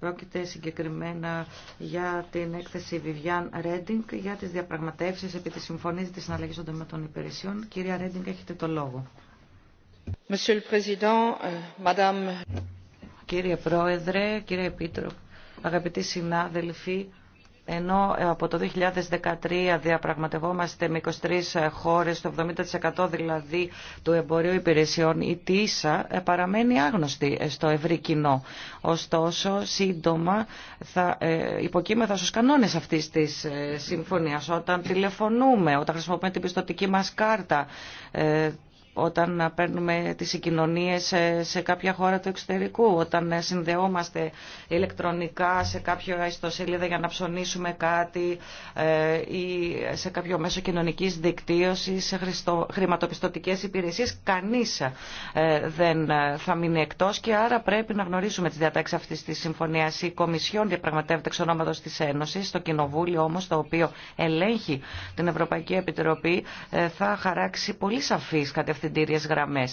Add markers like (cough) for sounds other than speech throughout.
Πρόκειται συγκεκριμένα για την έκθεση Vivian Ρέντινγκ για τις διαπραγματεύσεις επί της Συμφωνίας της Συναλλαγής των των Υπηρεσιών. Κυρία Ρέντινγκ, έχετε το λόγο. Euh, κύριε Πρόεδρε, κύριε Επίτροπε, αγαπητοί συνάδελφοι, ενώ ε, από το 2013 διαπραγματευόμαστε με 23 χώρες, το 70% δηλαδή του εμπορίου υπηρεσιών, η ΤΙΣΑ ε, παραμένει άγνωστη ε, στο ευρύ κοινό. Ωστόσο, σύντομα θα υποκείμεθα στους κανόνες αυτής της συμφωνίας. Όταν τηλεφωνούμε, όταν χρησιμοποιούμε την πιστοτική μας κάρτα, όταν παίρνουμε τις συγκοινωνίες ε, σε κάποια χώρα του εξωτερικού, όταν ε, συνδεόμαστε ηλεκτρονικά σε κάποια ιστοσελίδα για να ψωνίσουμε κάτι ε, ή σε κάποιο μέσο κοινωνικής δικτύωσης, σε χρηματοπιστωτικές υπηρεσίες, κανείς δεν θα μείνει εκτός και άρα πρέπει να γνωρίσουμε τις διατάξεις αυτής της συμφωνίας. Η Κομισιόν διαπραγματεύεται εξ ονόματος της Ένωσης, το Κοινοβούλιο όμως το οποίο ελέγχει την Ευρωπαϊκή Επιτροπή θα χαράξει πολύ σαφή κατευθυντικές κατευθυντήριες γραμμέ.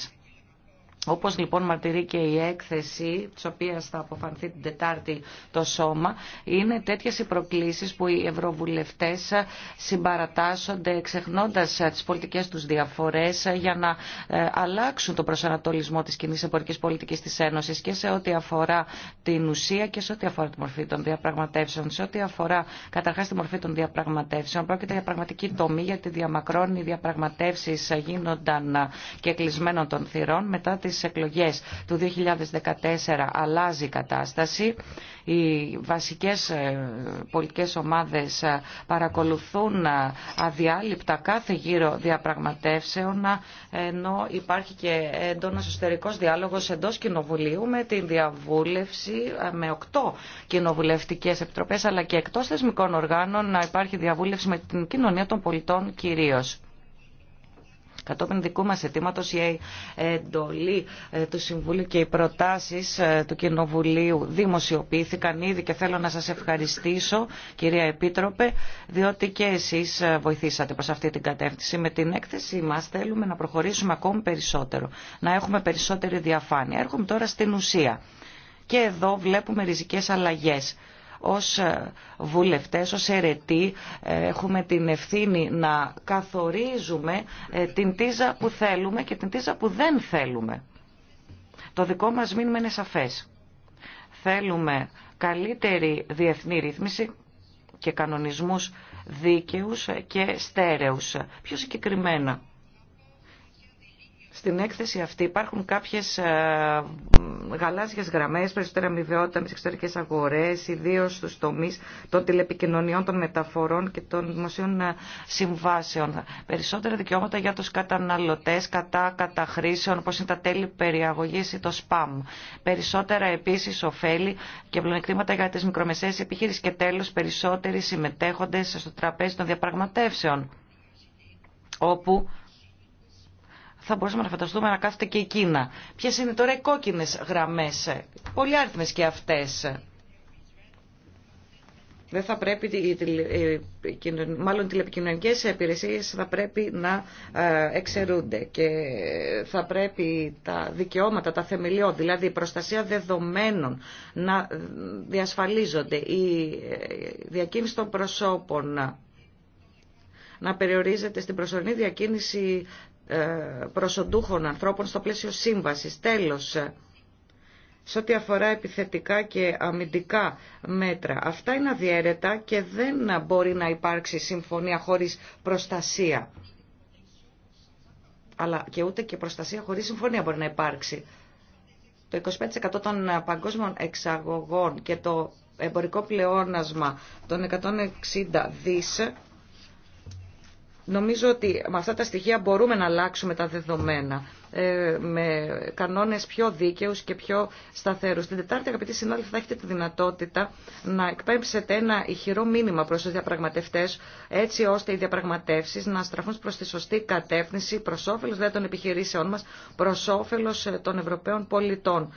Όπως λοιπόν μαρτυρεί και η έκθεση, τη οποία θα αποφανθεί την Τετάρτη το σώμα, είναι τέτοιες οι προκλήσεις που οι ευρωβουλευτές συμπαρατάσσονται ξεχνώντας ε, τις πολιτικές τους διαφορές ε, για να ε, αλλάξουν τον προσανατολισμό της κοινής εμπορικής πολιτικής της Ένωσης και σε ό,τι αφορά την ουσία και σε ό,τι αφορά τη μορφή των διαπραγματεύσεων. Σε ό,τι αφορά καταρχάς τη μορφή των διαπραγματεύσεων, πρόκειται για πραγματική τομή γιατί διαμακρώνει οι διαπραγματεύσεις γίνονταν και κλεισμένων των θυρών μετά στις εκλογές του 2014 αλλάζει η κατάσταση. Οι βασικές ε, πολιτικές ομάδες ε, παρακολουθούν ε, αδιάλειπτα κάθε γύρο διαπραγματεύσεων ενώ υπάρχει και έντονο εσωτερικός διάλογος εντός κοινοβουλίου με την διαβούλευση με οκτώ κοινοβουλευτικές επιτροπές αλλά και εκτός θεσμικών οργάνων να υπάρχει διαβούλευση με την κοινωνία των πολιτών κυρίως. Κατόπιν δικού μας αιτήματο η εντολή ε, του Συμβουλίου και οι προτάσεις ε, του Κοινοβουλίου δημοσιοποιήθηκαν ήδη και θέλω να σας ευχαριστήσω κυρία Επίτροπε διότι και εσείς ε, βοηθήσατε προς αυτή την κατεύθυνση. Με την έκθεση μας θέλουμε να προχωρήσουμε ακόμη περισσότερο, να έχουμε περισσότερη διαφάνεια. Έρχομαι τώρα στην ουσία. Και εδώ βλέπουμε ριζικές αλλαγές ως ε, βουλευτές, ως αιρετοί ε, έχουμε την ευθύνη να καθορίζουμε ε, την τίζα που θέλουμε και την τίζα που δεν θέλουμε. Το δικό μας μήνυμα είναι σαφές. Θέλουμε καλύτερη διεθνή ρύθμιση και κανονισμούς δίκαιους και στέρεους. Πιο συγκεκριμένα, στην έκθεση αυτή υπάρχουν κάποιες ε, γαλάζιες γραμμές, περισσότερα αμοιβαιότητα με τις εξωτερικές αγορές, ιδίως στους τομείς των τηλεπικοινωνιών, των μεταφορών και των δημοσίων ε, συμβάσεων. Περισσότερα δικαιώματα για τους καταναλωτές κατά καταχρήσεων, όπως είναι τα τέλη περιαγωγής ή το spam. Περισσότερα επίσης ωφέλη και πλονεκτήματα για τις μικρομεσαίες επιχείρησεις και τέλος περισσότεροι συμμετέχοντες στο τραπέζι των διαπραγματεύσεων όπου θα μπορούσαμε να φανταστούμε να κάθεται και η Κίνα. Ποιε είναι τώρα οι κόκκινε γραμμέ, πολύ άριθμε και αυτέ. Δεν θα πρέπει, μάλλον οι τηλεπικοινωνικέ υπηρεσίε, θα πρέπει να ε, εξαιρούνται και θα πρέπει τα δικαιώματα, τα θεμελιώδη, δηλαδή η προστασία δεδομένων να διασφαλίζονται, η ε, διακίνηση των προσώπων να περιορίζεται στην προσωρινή διακίνηση ε, προσοντούχων ανθρώπων στο πλαίσιο σύμβασης. Τέλος, ε, σε ό,τι αφορά επιθετικά και αμυντικά μέτρα. Αυτά είναι αδιαίρετα και δεν μπορεί να υπάρξει συμφωνία χωρίς προστασία. Αλλά και ούτε και προστασία χωρίς συμφωνία μπορεί να υπάρξει. Το 25% των παγκόσμιων εξαγωγών και το εμπορικό πλεόνασμα των 160 δις Νομίζω ότι με αυτά τα στοιχεία μπορούμε να αλλάξουμε τα δεδομένα ε, με κανόνες πιο δίκαιους και πιο σταθερούς. Την Τετάρτη, αγαπητοί συνάδελφοι, θα έχετε τη δυνατότητα να εκπέμψετε ένα ηχηρό μήνυμα προς τους διαπραγματευτές, έτσι ώστε οι διαπραγματεύσεις να στραφούν προς τη σωστή κατεύθυνση, προς όφελος των επιχειρήσεών μας, προς όφελος ε, των Ευρωπαίων πολιτών.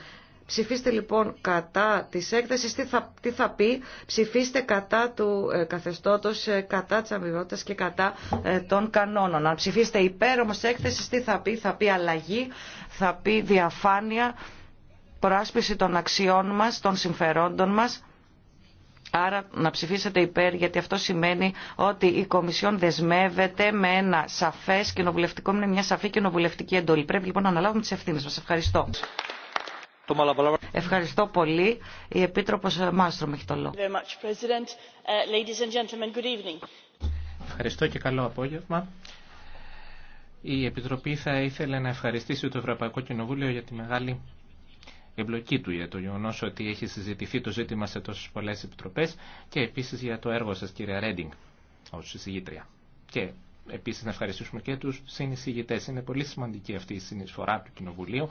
Ψηφίστε λοιπόν κατά της έκθεσης, τι θα, τι θα πει, ψηφίστε κατά του ε, καθεστώτος, ε, κατά της αμοιβότητας και κατά ε, των κανόνων. Αν ψηφίστε υπέρ όμως έκθεσης, τι θα πει, θα πει αλλαγή, θα πει διαφάνεια, προάσπιση των αξιών μας, των συμφερόντων μας. Άρα να ψηφίσετε υπέρ γιατί αυτό σημαίνει ότι η Κομισιόν δεσμεύεται με ένα σαφές κοινοβουλευτικό, με μια σαφή κοινοβουλευτική εντολή. Πρέπει λοιπόν να αναλάβουμε τις ευθύνες μας. Ευχαριστώ. Ευχαριστώ πολύ. Η Επίτροπος Μάστρομ έχει το λόγο. Uh, Ευχαριστώ και καλό απόγευμα. Η Επιτροπή θα ήθελε να ευχαριστήσει το Ευρωπαϊκό Κοινοβούλιο για τη μεγάλη εμπλοκή του για το γεγονό ότι έχει συζητηθεί το ζήτημα σε τόσε πολλέ επιτροπέ και επίση για το έργο σα, κυρία Ρέντινγκ, ω συζητήτρια. Και επίση να ευχαριστήσουμε και του συνεισηγητέ. Είναι πολύ σημαντική αυτή η συνεισφορά του Κοινοβουλίου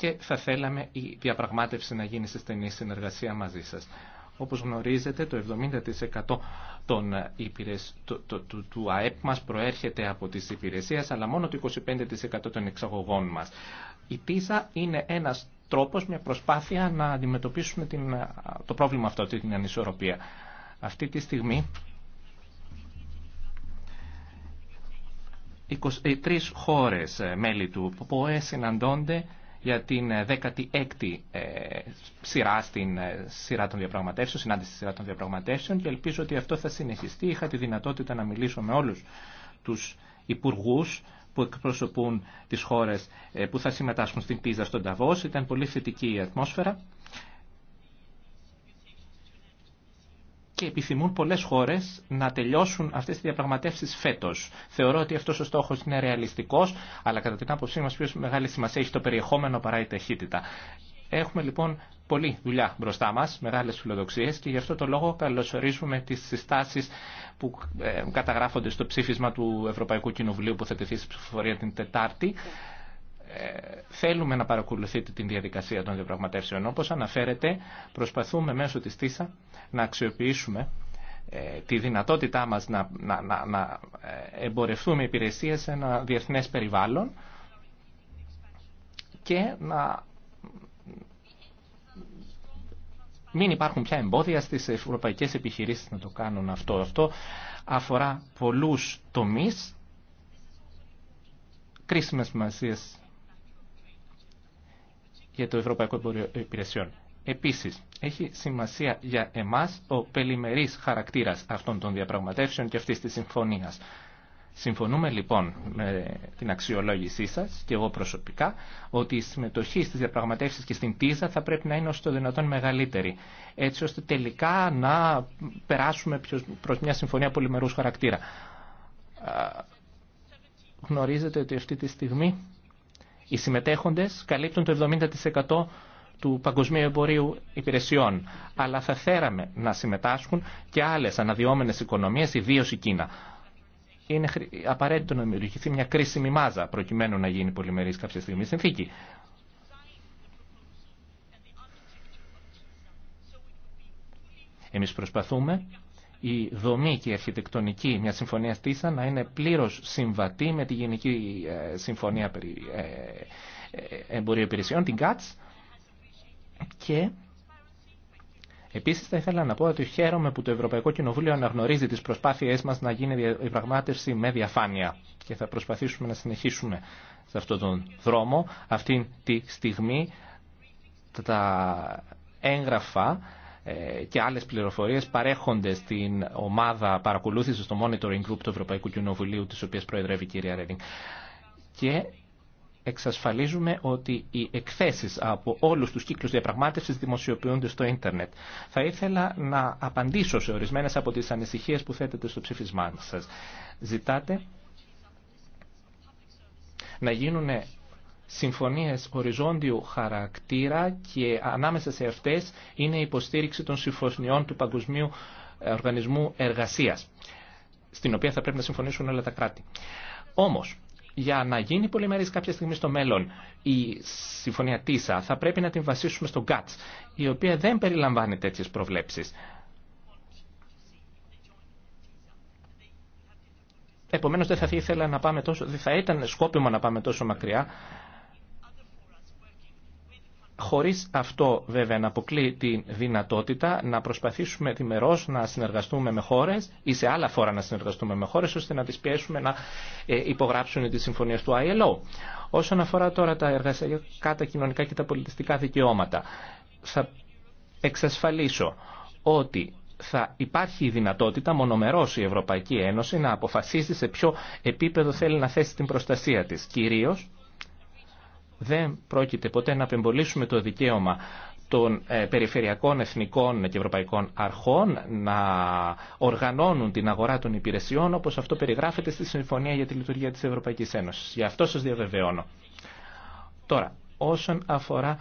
και θα θέλαμε η διαπραγμάτευση να γίνει σε στενή συνεργασία μαζί σας. Όπως γνωρίζετε, το 70% των υπηρεσ... του, το, ΑΕΠ μας προέρχεται από τις υπηρεσίες, αλλά μόνο το 25% των εξαγωγών μας. Η ΤΙΖΑ είναι ένας τρόπος, μια προσπάθεια να αντιμετωπίσουμε την, το πρόβλημα αυτό, την ανισορροπία. Αυτή τη στιγμή, 23 ε, χώρες ε, μέλη του ΠΟΕ συναντώνται για την 16η ε, ε, σειρά, στην, ε, σειρά των διαπραγματεύσεων, συνάντηση σειρά των διαπραγματεύσεων και ελπίζω ότι αυτό θα συνεχιστεί. Είχα τη δυνατότητα να μιλήσω με όλους τους υπουργούς που εκπροσωπούν τις χώρες που θα συμμετάσχουν στην Πίζα στον Ταβός. Ήταν πολύ θετική η ατμόσφαιρα. και επιθυμούν πολλές χώρε να τελειώσουν αυτές τι διαπραγματεύσεις φέτος. Θεωρώ ότι αυτός ο στόχος είναι ρεαλιστικό, αλλά κατά την άποψή μας πιο μεγάλη σημασία έχει το περιεχόμενο παρά η ταχύτητα. Έχουμε λοιπόν πολλή δουλειά μπροστά μας, μεγάλε φιλοδοξίε, και γι' αυτό το λόγο καλωσορίζουμε τις συστάσεις που ε, καταγράφονται στο ψήφισμα του Ευρωπαϊκού Κοινοβουλίου που θα τεθεί στη ψηφοφορία την Τετάρτη θέλουμε να παρακολουθείτε την διαδικασία των διαπραγματεύσεων. Όπως αναφέρεται, προσπαθούμε μέσω της ΤΙΣΑ να αξιοποιήσουμε ε, τη δυνατότητά μας να, να, να, να ε, εμπορευτούμε υπηρεσίες σε ένα διεθνές περιβάλλον και να μην υπάρχουν πια εμπόδια στις ευρωπαϊκές επιχειρήσεις να το κάνουν αυτό. Αυτό αφορά πολλούς τομείς κρίσιμες σημασίες για το Ευρωπαϊκό Εμπόριο Υπηρεσιών. Επίσης, έχει σημασία για εμάς ο πελημερής χαρακτήρας αυτών των διαπραγματεύσεων και αυτή τη συμφωνία. Συμφωνούμε λοιπόν με την αξιολόγησή σα, και εγώ προσωπικά ότι η συμμετοχή στι διαπραγματεύσει και στην ΤΙΖΑ θα πρέπει να είναι όσο το δυνατόν μεγαλύτερη έτσι ώστε τελικά να περάσουμε προ μια συμφωνία πολυμερού χαρακτήρα. Γνωρίζετε ότι αυτή τη στιγμή οι συμμετέχοντες καλύπτουν το 70% του παγκοσμίου εμπορίου υπηρεσιών. Αλλά θα θέραμε να συμμετάσχουν και άλλες αναδυόμενες οικονομίες, ιδίως η Κίνα. Είναι απαραίτητο να δημιουργηθεί μια κρίσιμη μάζα προκειμένου να γίνει πολυμερής κάποια στιγμή συνθήκη. Εμείς προσπαθούμε η δομή και η αρχιτεκτονική μια συμφωνία ΤΙΣΑ να είναι πλήρως συμβατή με τη Γενική ε, Συμφωνία ε, ε, Εμπορίου Υπηρεσιών, την ΚΑΤΣ. Και επίσης θα ήθελα να πω ότι χαίρομαι που το Ευρωπαϊκό Κοινοβούλιο αναγνωρίζει τις προσπάθειές μας να γίνει η πραγμάτευση με διαφάνεια και θα προσπαθήσουμε να συνεχίσουμε σε αυτόν τον δρόμο αυτή τη στιγμή τα έγγραφα ε, και άλλες πληροφορίες παρέχονται στην ομάδα παρακολούθησης στο Monitoring Group του Ευρωπαϊκού Κοινοβουλίου, της οποίας προεδρεύει η κυρία Ρέντινγκ. Και εξασφαλίζουμε ότι οι εκθέσεις από όλους τους κύκλους διαπραγμάτευσης δημοσιοποιούνται στο ίντερνετ. Θα ήθελα να απαντήσω σε ορισμένες από τις ανησυχίες που θέτετε στο ψηφισμά σας. Ζητάτε να γίνουν συμφωνίες οριζόντιου χαρακτήρα και ανάμεσα σε αυτές είναι η υποστήριξη των συμφωνιών του Παγκοσμίου Οργανισμού Εργασίας, στην οποία θα πρέπει να συμφωνήσουν όλα τα κράτη. Όμως, για να γίνει πολυμερής κάποια στιγμή στο μέλλον η συμφωνία ΤΙΣΑ θα πρέπει να την βασίσουμε στο GATS, η οποία δεν περιλαμβάνει τέτοιες προβλέψεις. Επομένως δεν θα ήθελα να πάμε τόσο, δεν θα ήταν σκόπιμο να πάμε τόσο μακριά χωρίς αυτό βέβαια να αποκλεί τη δυνατότητα να προσπαθήσουμε τιμερώς να συνεργαστούμε με χώρες ή σε άλλα φόρα να συνεργαστούμε με χώρες ώστε να τις πιέσουμε να ε, υπογράψουν τις συμφωνίες του ILO. Όσον αφορά τώρα τα εργασιακά, τα κοινωνικά και τα πολιτιστικά δικαιώματα, θα εξασφαλίσω ότι θα υπάρχει η δυνατότητα μονομερώς η Ευρωπαϊκή Ένωση να αποφασίσει σε ποιο επίπεδο θέλει να θέσει την προστασία της, κυρίως δεν πρόκειται ποτέ να απεμπολίσουμε το δικαίωμα των ε, περιφερειακών, εθνικών και ευρωπαϊκών αρχών να οργανώνουν την αγορά των υπηρεσιών όπως αυτό περιγράφεται στη Συμφωνία για τη Λειτουργία της Ευρωπαϊκής Ένωσης. Γι' αυτό σας διαβεβαιώνω. Τώρα, όσον αφορά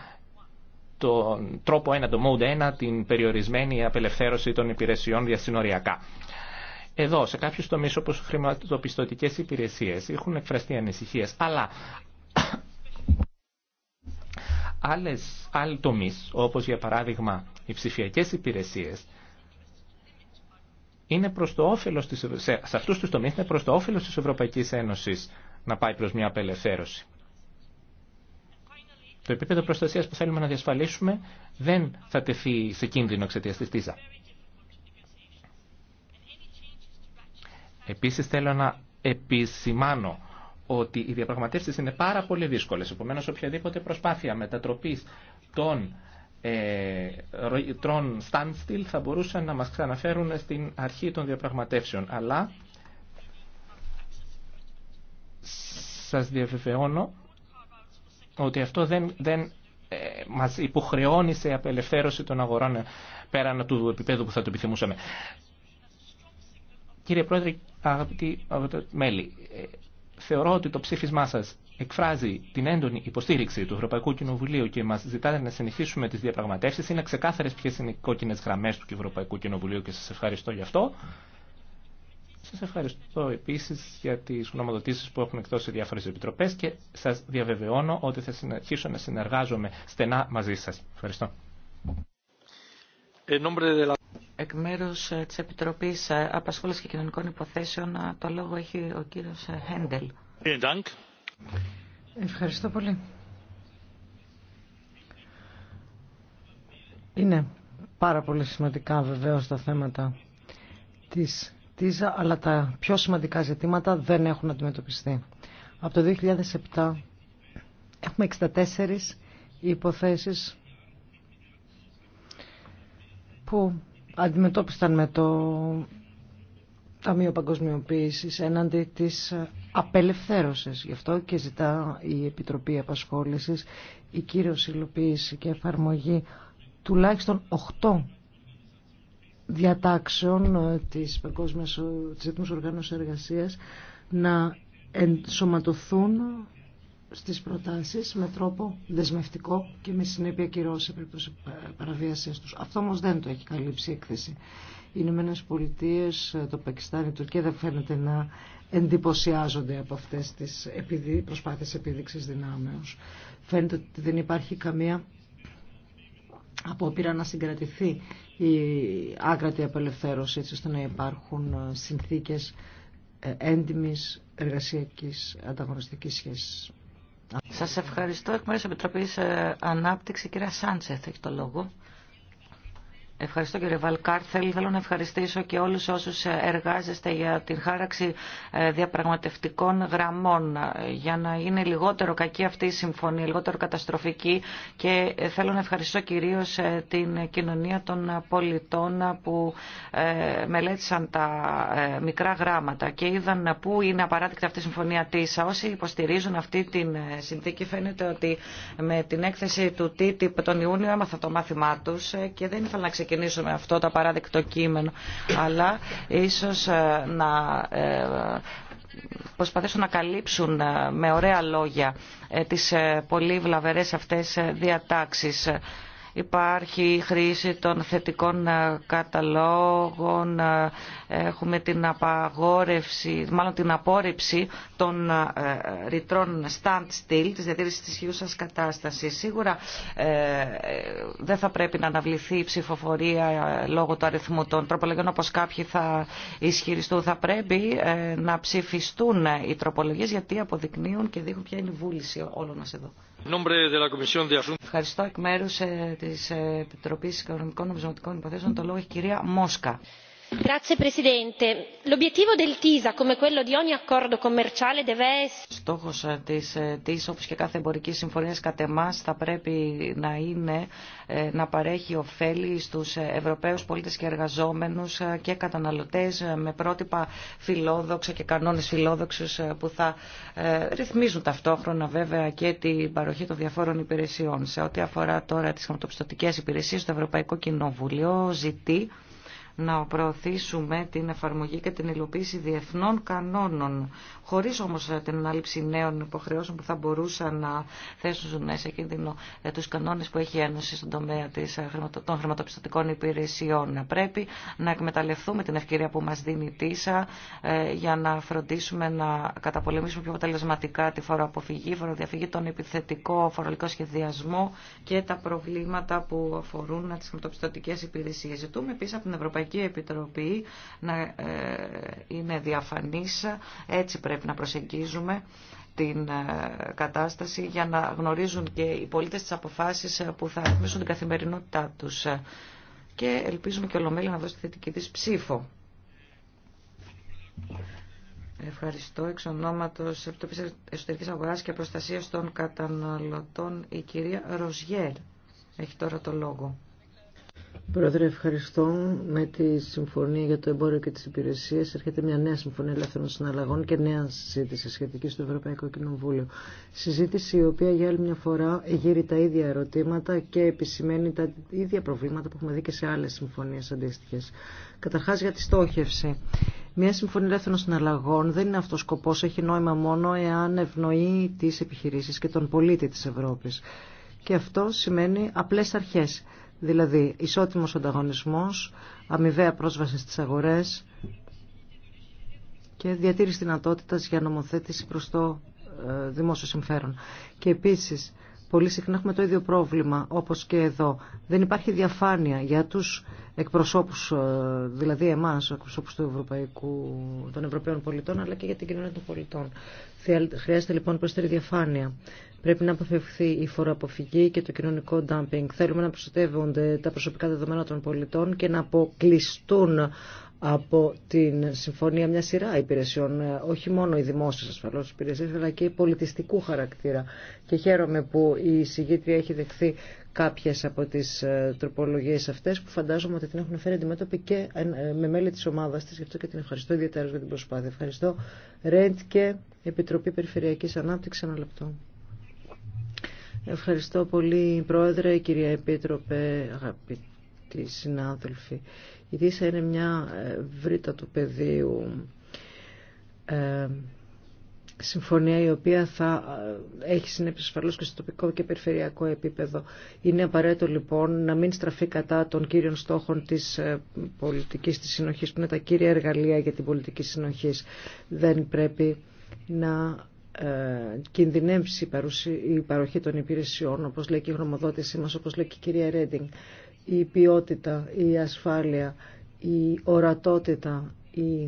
τον τρόπο 1, το mode 1, την περιορισμένη απελευθέρωση των υπηρεσιών διασυνοριακά. Εδώ, σε κάποιους τομείς όπως χρηματοπιστωτικές υπηρεσίες, έχουν εκφραστεί ανησυχίες, αλλά άλλες, άλλοι τομείς, όπως για παράδειγμα οι ψηφιακές υπηρεσίες, είναι προς το όφελος της, σε, σε αυτούς τους τομείς είναι προς το όφελος της Ευρωπαϊκής Ένωσης να πάει προς μια απελευθέρωση. Το επίπεδο προστασίας που θέλουμε να διασφαλίσουμε δεν θα τεθεί σε κίνδυνο εξαιτία της ΤΙΖΑ. Επίσης θέλω να επισημάνω ότι οι διαπραγματεύσεις είναι πάρα πολύ δύσκολες. Επομένως, οποιαδήποτε προσπάθεια μετατροπής των ε, standstill θα μπορούσαν να μας ξαναφέρουν στην αρχή των διαπραγματεύσεων. Αλλά σας διαβεβαιώνω ότι αυτό δεν, δεν ε, μας υποχρεώνει σε απελευθέρωση των αγορών πέραν του επίπεδου που θα το επιθυμούσαμε. Κύριε Πρόεδρε, αγαπητοί μέλη, ε, θεωρώ ότι το ψήφισμά σα εκφράζει την έντονη υποστήριξη του Ευρωπαϊκού Κοινοβουλίου και μας ζητάτε να συνεχίσουμε τις διαπραγματεύσεις. Είναι ξεκάθαρες ποιε είναι οι κόκκινε γραμμέ του Ευρωπαϊκού Κοινοβουλίου και σας ευχαριστώ γι' αυτό. Σας ευχαριστώ επίσης για τις γνωμοδοτήσει που έχουν εκδώσει σε διάφορες επιτροπές και σα διαβεβαιώνω ότι θα συνεχίσω να συνεργάζομαι στενά μαζί σα. Ευχαριστώ. Ε, Εκ μέρου ε, τη Επιτροπή ε, Απασχόληση και Κοινωνικών Υποθέσεων, ε, το λόγο έχει ο κύριο Χέντελ. Ευχαριστώ πολύ. Είναι πάρα πολύ σημαντικά βεβαίως τα θέματα της ΤΙΖΑ, αλλά τα πιο σημαντικά ζητήματα δεν έχουν αντιμετωπιστεί. Από το 2007 έχουμε 64 υποθέσεις που αντιμετώπισαν με το Ταμείο παγκοσμιοποίηση έναντι της απελευθέρωσης. Γι' αυτό και ζητά η Επιτροπή απασχόληση, η κύριο υλοποίηση και εφαρμογή τουλάχιστον 8 διατάξεων της Παγκόσμιας της Οργάνωσης Εργασίας να ενσωματωθούν στις προτάσεις με τρόπο δεσμευτικό και με συνέπεια κυρώσει επί ε, περίπτωση του. τους. Αυτό όμως δεν το έχει καλύψει η έκθεση. Οι Ηνωμένε Πολιτείε, ε, το Πακιστάν, η Τουρκία δεν φαίνεται να εντυπωσιάζονται από αυτές τις προσπάθειε επίδειξη δυνάμεως. Φαίνεται ότι δεν υπάρχει καμία απόπειρα να συγκρατηθεί η άκρατη απελευθέρωση έτσι ώστε να υπάρχουν ε, συνθήκες έντιμης εργασιακή ανταγωνιστική σχέση. Σας ευχαριστώ εκ μέρους Επιτροπής ε, Ανάπτυξη. Κυρία Σάντσεθ έχει το λόγο. Ευχαριστώ κύριε Βαλκάρθελ. Θέλω να ευχαριστήσω και όλους όσους ε, εργάζεστε για την χάραξη ε, διαπραγματευτικών γραμμών για να είναι λιγότερο κακή αυτή η συμφωνία, λιγότερο καταστροφική και ε, θέλω να ευχαριστώ κυρίως την κοινωνία των πολιτών που μελέτησαν τα μικρά γράμματα και είδαν πού είναι απαράδεκτη αυτή η συμφωνία της. Όσοι υποστηρίζουν αυτή την συνθήκη φαίνεται ότι με την έκθεση του TTIP τον Ιούνιο έμαθα το μάθημά τους και δεν ήθελα να ξεκινήσω ξεκινήσουμε αυτό το απαράδεκτο κείμενο, αλλά ίσως ε, να ε, προσπαθήσουν να καλύψουν ε, με ωραία λόγια τις πολύ βλαβερές αυτές διατάξεις. Υπάρχει η χρήση των θετικών ε, καταλόγων, ε, έχουμε την απαγόρευση, μάλλον την απόρριψη των ε, ρητρών standstill, της διατήρησης της σα κατάστασης. Σίγουρα δεν θα πρέπει να αναβληθεί η ψηφοφορία λόγω του αριθμού των τροπολογιών, όπως κάποιοι θα ισχυριστούν. Θα πρέπει να ψηφιστούν οι τροπολογίες, γιατί αποδεικνύουν και δείχνουν ποια είναι η βούληση όλων μας εδώ. Ευχαριστώ εκ μέρους της Επιτροπής Οικονομικών Νομισματικών Υποθέσεων το λόγο έχει η κυρία Μόσκα signor presidente onorevoli στόχος ε, ε, της όπως και κάθε εμπορική συμφωνία κατά εμάς θα πρέπει να είναι ε, να παρέχει ωφέλη στους ευρωπαίους πολίτες και εργαζόμενους και καταναλωτές με πρότυπα φιλόδοξα και κανόνες φιλόδοξους που θα ρυθμίζουν ταυτόχρονα βέβαια και την παροχή των διαφόρων υπηρεσιών. Σε ό,τι αφορά τώρα τις χρηματοπιστωτικές υπηρεσίες, το Ευρωπαϊκό Κοινοβουλίο ζητεί να προωθήσουμε την εφαρμογή και την υλοποίηση διεθνών κανόνων, χωρίς όμως ε, την ανάληψη νέων υποχρεώσεων που θα μπορούσαν να θέσουν σε κίνδυνο ε, τους κανόνες που έχει η Ένωση στον τομέα ε, των χρηματοπιστωτικών υπηρεσιών. Πρέπει να εκμεταλλευτούμε την ευκαιρία που μας δίνει η ΤΙΣΑ για να φροντίσουμε να καταπολεμήσουμε πιο αποτελεσματικά τη φοροαποφυγή, φοροδιαφυγή, τον επιθετικό φορολογικό σχεδιασμό και τα προβλήματα που αφορούν τις χρηματοπιστωτικές υπηρεσίες. Ζητούμε επίσης από την Ευρωπαϊκή Ευρωπαϊκή Επιτροπή να ε, είναι διαφανής. Έτσι πρέπει να προσεγγίζουμε την ε, κατάσταση για να γνωρίζουν και οι πολίτες τις αποφάσεις ε, που θα ρυθμίσουν την καθημερινότητά τους. Και ελπίζουμε και ολομέλεια να δώσει θετική της ψήφο. Ευχαριστώ. Εξ ονόματος Επιτροπής Εσωτερικής Αγοράς και Προστασίας των Καταναλωτών, η κυρία Ροζιέρ έχει τώρα το λόγο. Πρόεδρε, ευχαριστώ. Με τη Συμφωνία για το Εμπόριο και τι Υπηρεσίε έρχεται μια νέα Συμφωνία Ελεύθερων Συναλλαγών και νέα συζήτηση σχετική στο Ευρωπαϊκό Κοινοβούλιο. Συζήτηση η οποία για άλλη μια φορά γύρει τα ίδια ερωτήματα και επισημαίνει τα ίδια προβλήματα που έχουμε δει και σε άλλε συμφωνίε αντίστοιχε. Καταρχά για τη στόχευση. Μια Συμφωνία Ελεύθερων Συναλλαγών δεν είναι αυτό ο σκοπό, έχει νόημα μόνο εάν ευνοεί τι επιχειρήσει και τον πολίτη τη Ευρώπη. Και αυτό σημαίνει απλέ αρχέ δηλαδή ισότιμος ανταγωνισμός, αμοιβαία πρόσβαση στις αγορές και διατήρηση δυνατότητας για νομοθέτηση προς το ε, δημόσιο συμφέρον. Και επίσης, πολύ συχνά έχουμε το ίδιο πρόβλημα, όπως και εδώ. Δεν υπάρχει διαφάνεια για τους εκπροσώπους, ε, δηλαδή εμάς, εκπροσώπους του Ευρωπαϊκού, των Ευρωπαίων πολιτών, αλλά και για την κοινωνία των πολιτών. Χρειάζεται λοιπόν περισσότερη διαφάνεια Πρέπει να αποφευχθεί η φοροαποφυγή και το κοινωνικό dumping. Θέλουμε να προστατεύονται τα προσωπικά δεδομένα των πολιτών και να αποκλειστούν από την συμφωνία μια σειρά υπηρεσιών, ε, όχι μόνο οι δημόσιε ασφαλώς υπηρεσίες, αλλά και πολιτιστικού χαρακτήρα. Και χαίρομαι που η συγγήτρια έχει δεχθεί κάποιε από τι ε, τροπολογίε αυτέ, που φαντάζομαι ότι την έχουν φέρει αντιμέτωπη και ε, με μέλη τη ομάδα τη γι' αυτό και την ευχαριστώ ιδιαίτερα για την προσπάθεια. Ευχαριστώ. Ρέντ και Επιτροπή Περιφερειακή ανάπτυξη ένα λεπτό. Ευχαριστώ πολύ, Πρόεδρε, κυρία Επίτροπε, αγαπητοί συνάδελφοι. Η Δύσα είναι μια ε, βρύτα του πεδίου ε, συμφωνία η οποία θα ε, έχει συνέπειες και στο τοπικό και περιφερειακό επίπεδο. Είναι απαραίτητο λοιπόν να μην στραφεί κατά των κύριων στόχων της πολιτικής της συνοχής που είναι τα κύρια εργαλεία για την πολιτική συνοχής. Δεν πρέπει να ε, κινδυνεύσει η παροχή των υπηρεσιών, όπως λέει και η γνωμοδότησή μας, όπως λέει και η κυρία Ρέντινγκ, η ποιότητα, η ασφάλεια, η ορατότητα, η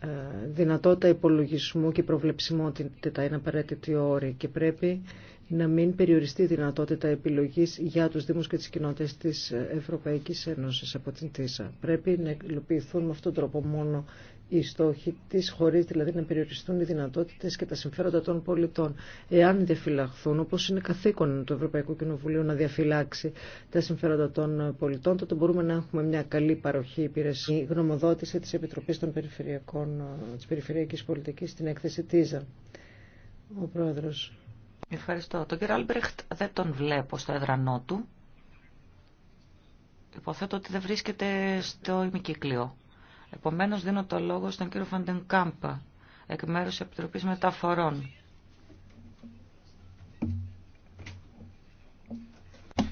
ε, δυνατότητα υπολογισμού και προβλεψιμότητα είναι απαραίτητη όρη και πρέπει να μην περιοριστεί η δυνατότητα επιλογής για τους Δήμους και τις κοινότητες της Ευρωπαϊκής Ένωσης από την ΤΙΣΑ. Πρέπει να υλοποιηθούν με αυτόν τον τρόπο μόνο οι στόχοι τη, χωρί δηλαδή να περιοριστούν οι δυνατότητε και τα συμφέροντα των πολιτών. Εάν διαφυλαχθούν, όπω είναι καθήκον του Ευρωπαϊκού Κοινοβουλίου να διαφυλάξει τα συμφέροντα των πολιτών, τότε μπορούμε να έχουμε μια καλή παροχή υπηρεσία. Η γνωμοδότηση τη Επιτροπή των Περιφερειακών τη Περιφερειακή Πολιτική στην έκθεση ΤΙΖΑ. Ο πρόεδρο. Ευχαριστώ. Τον κύριο Άλμπρεχτ δεν τον βλέπω στο έδρανό του. Υποθέτω ότι δεν βρίσκεται στο ημικύκλιο. Επομένως δίνω το λόγο στον κύριο Φαντενκάμπα, εκ μέρους Επιτροπή Μεταφορών.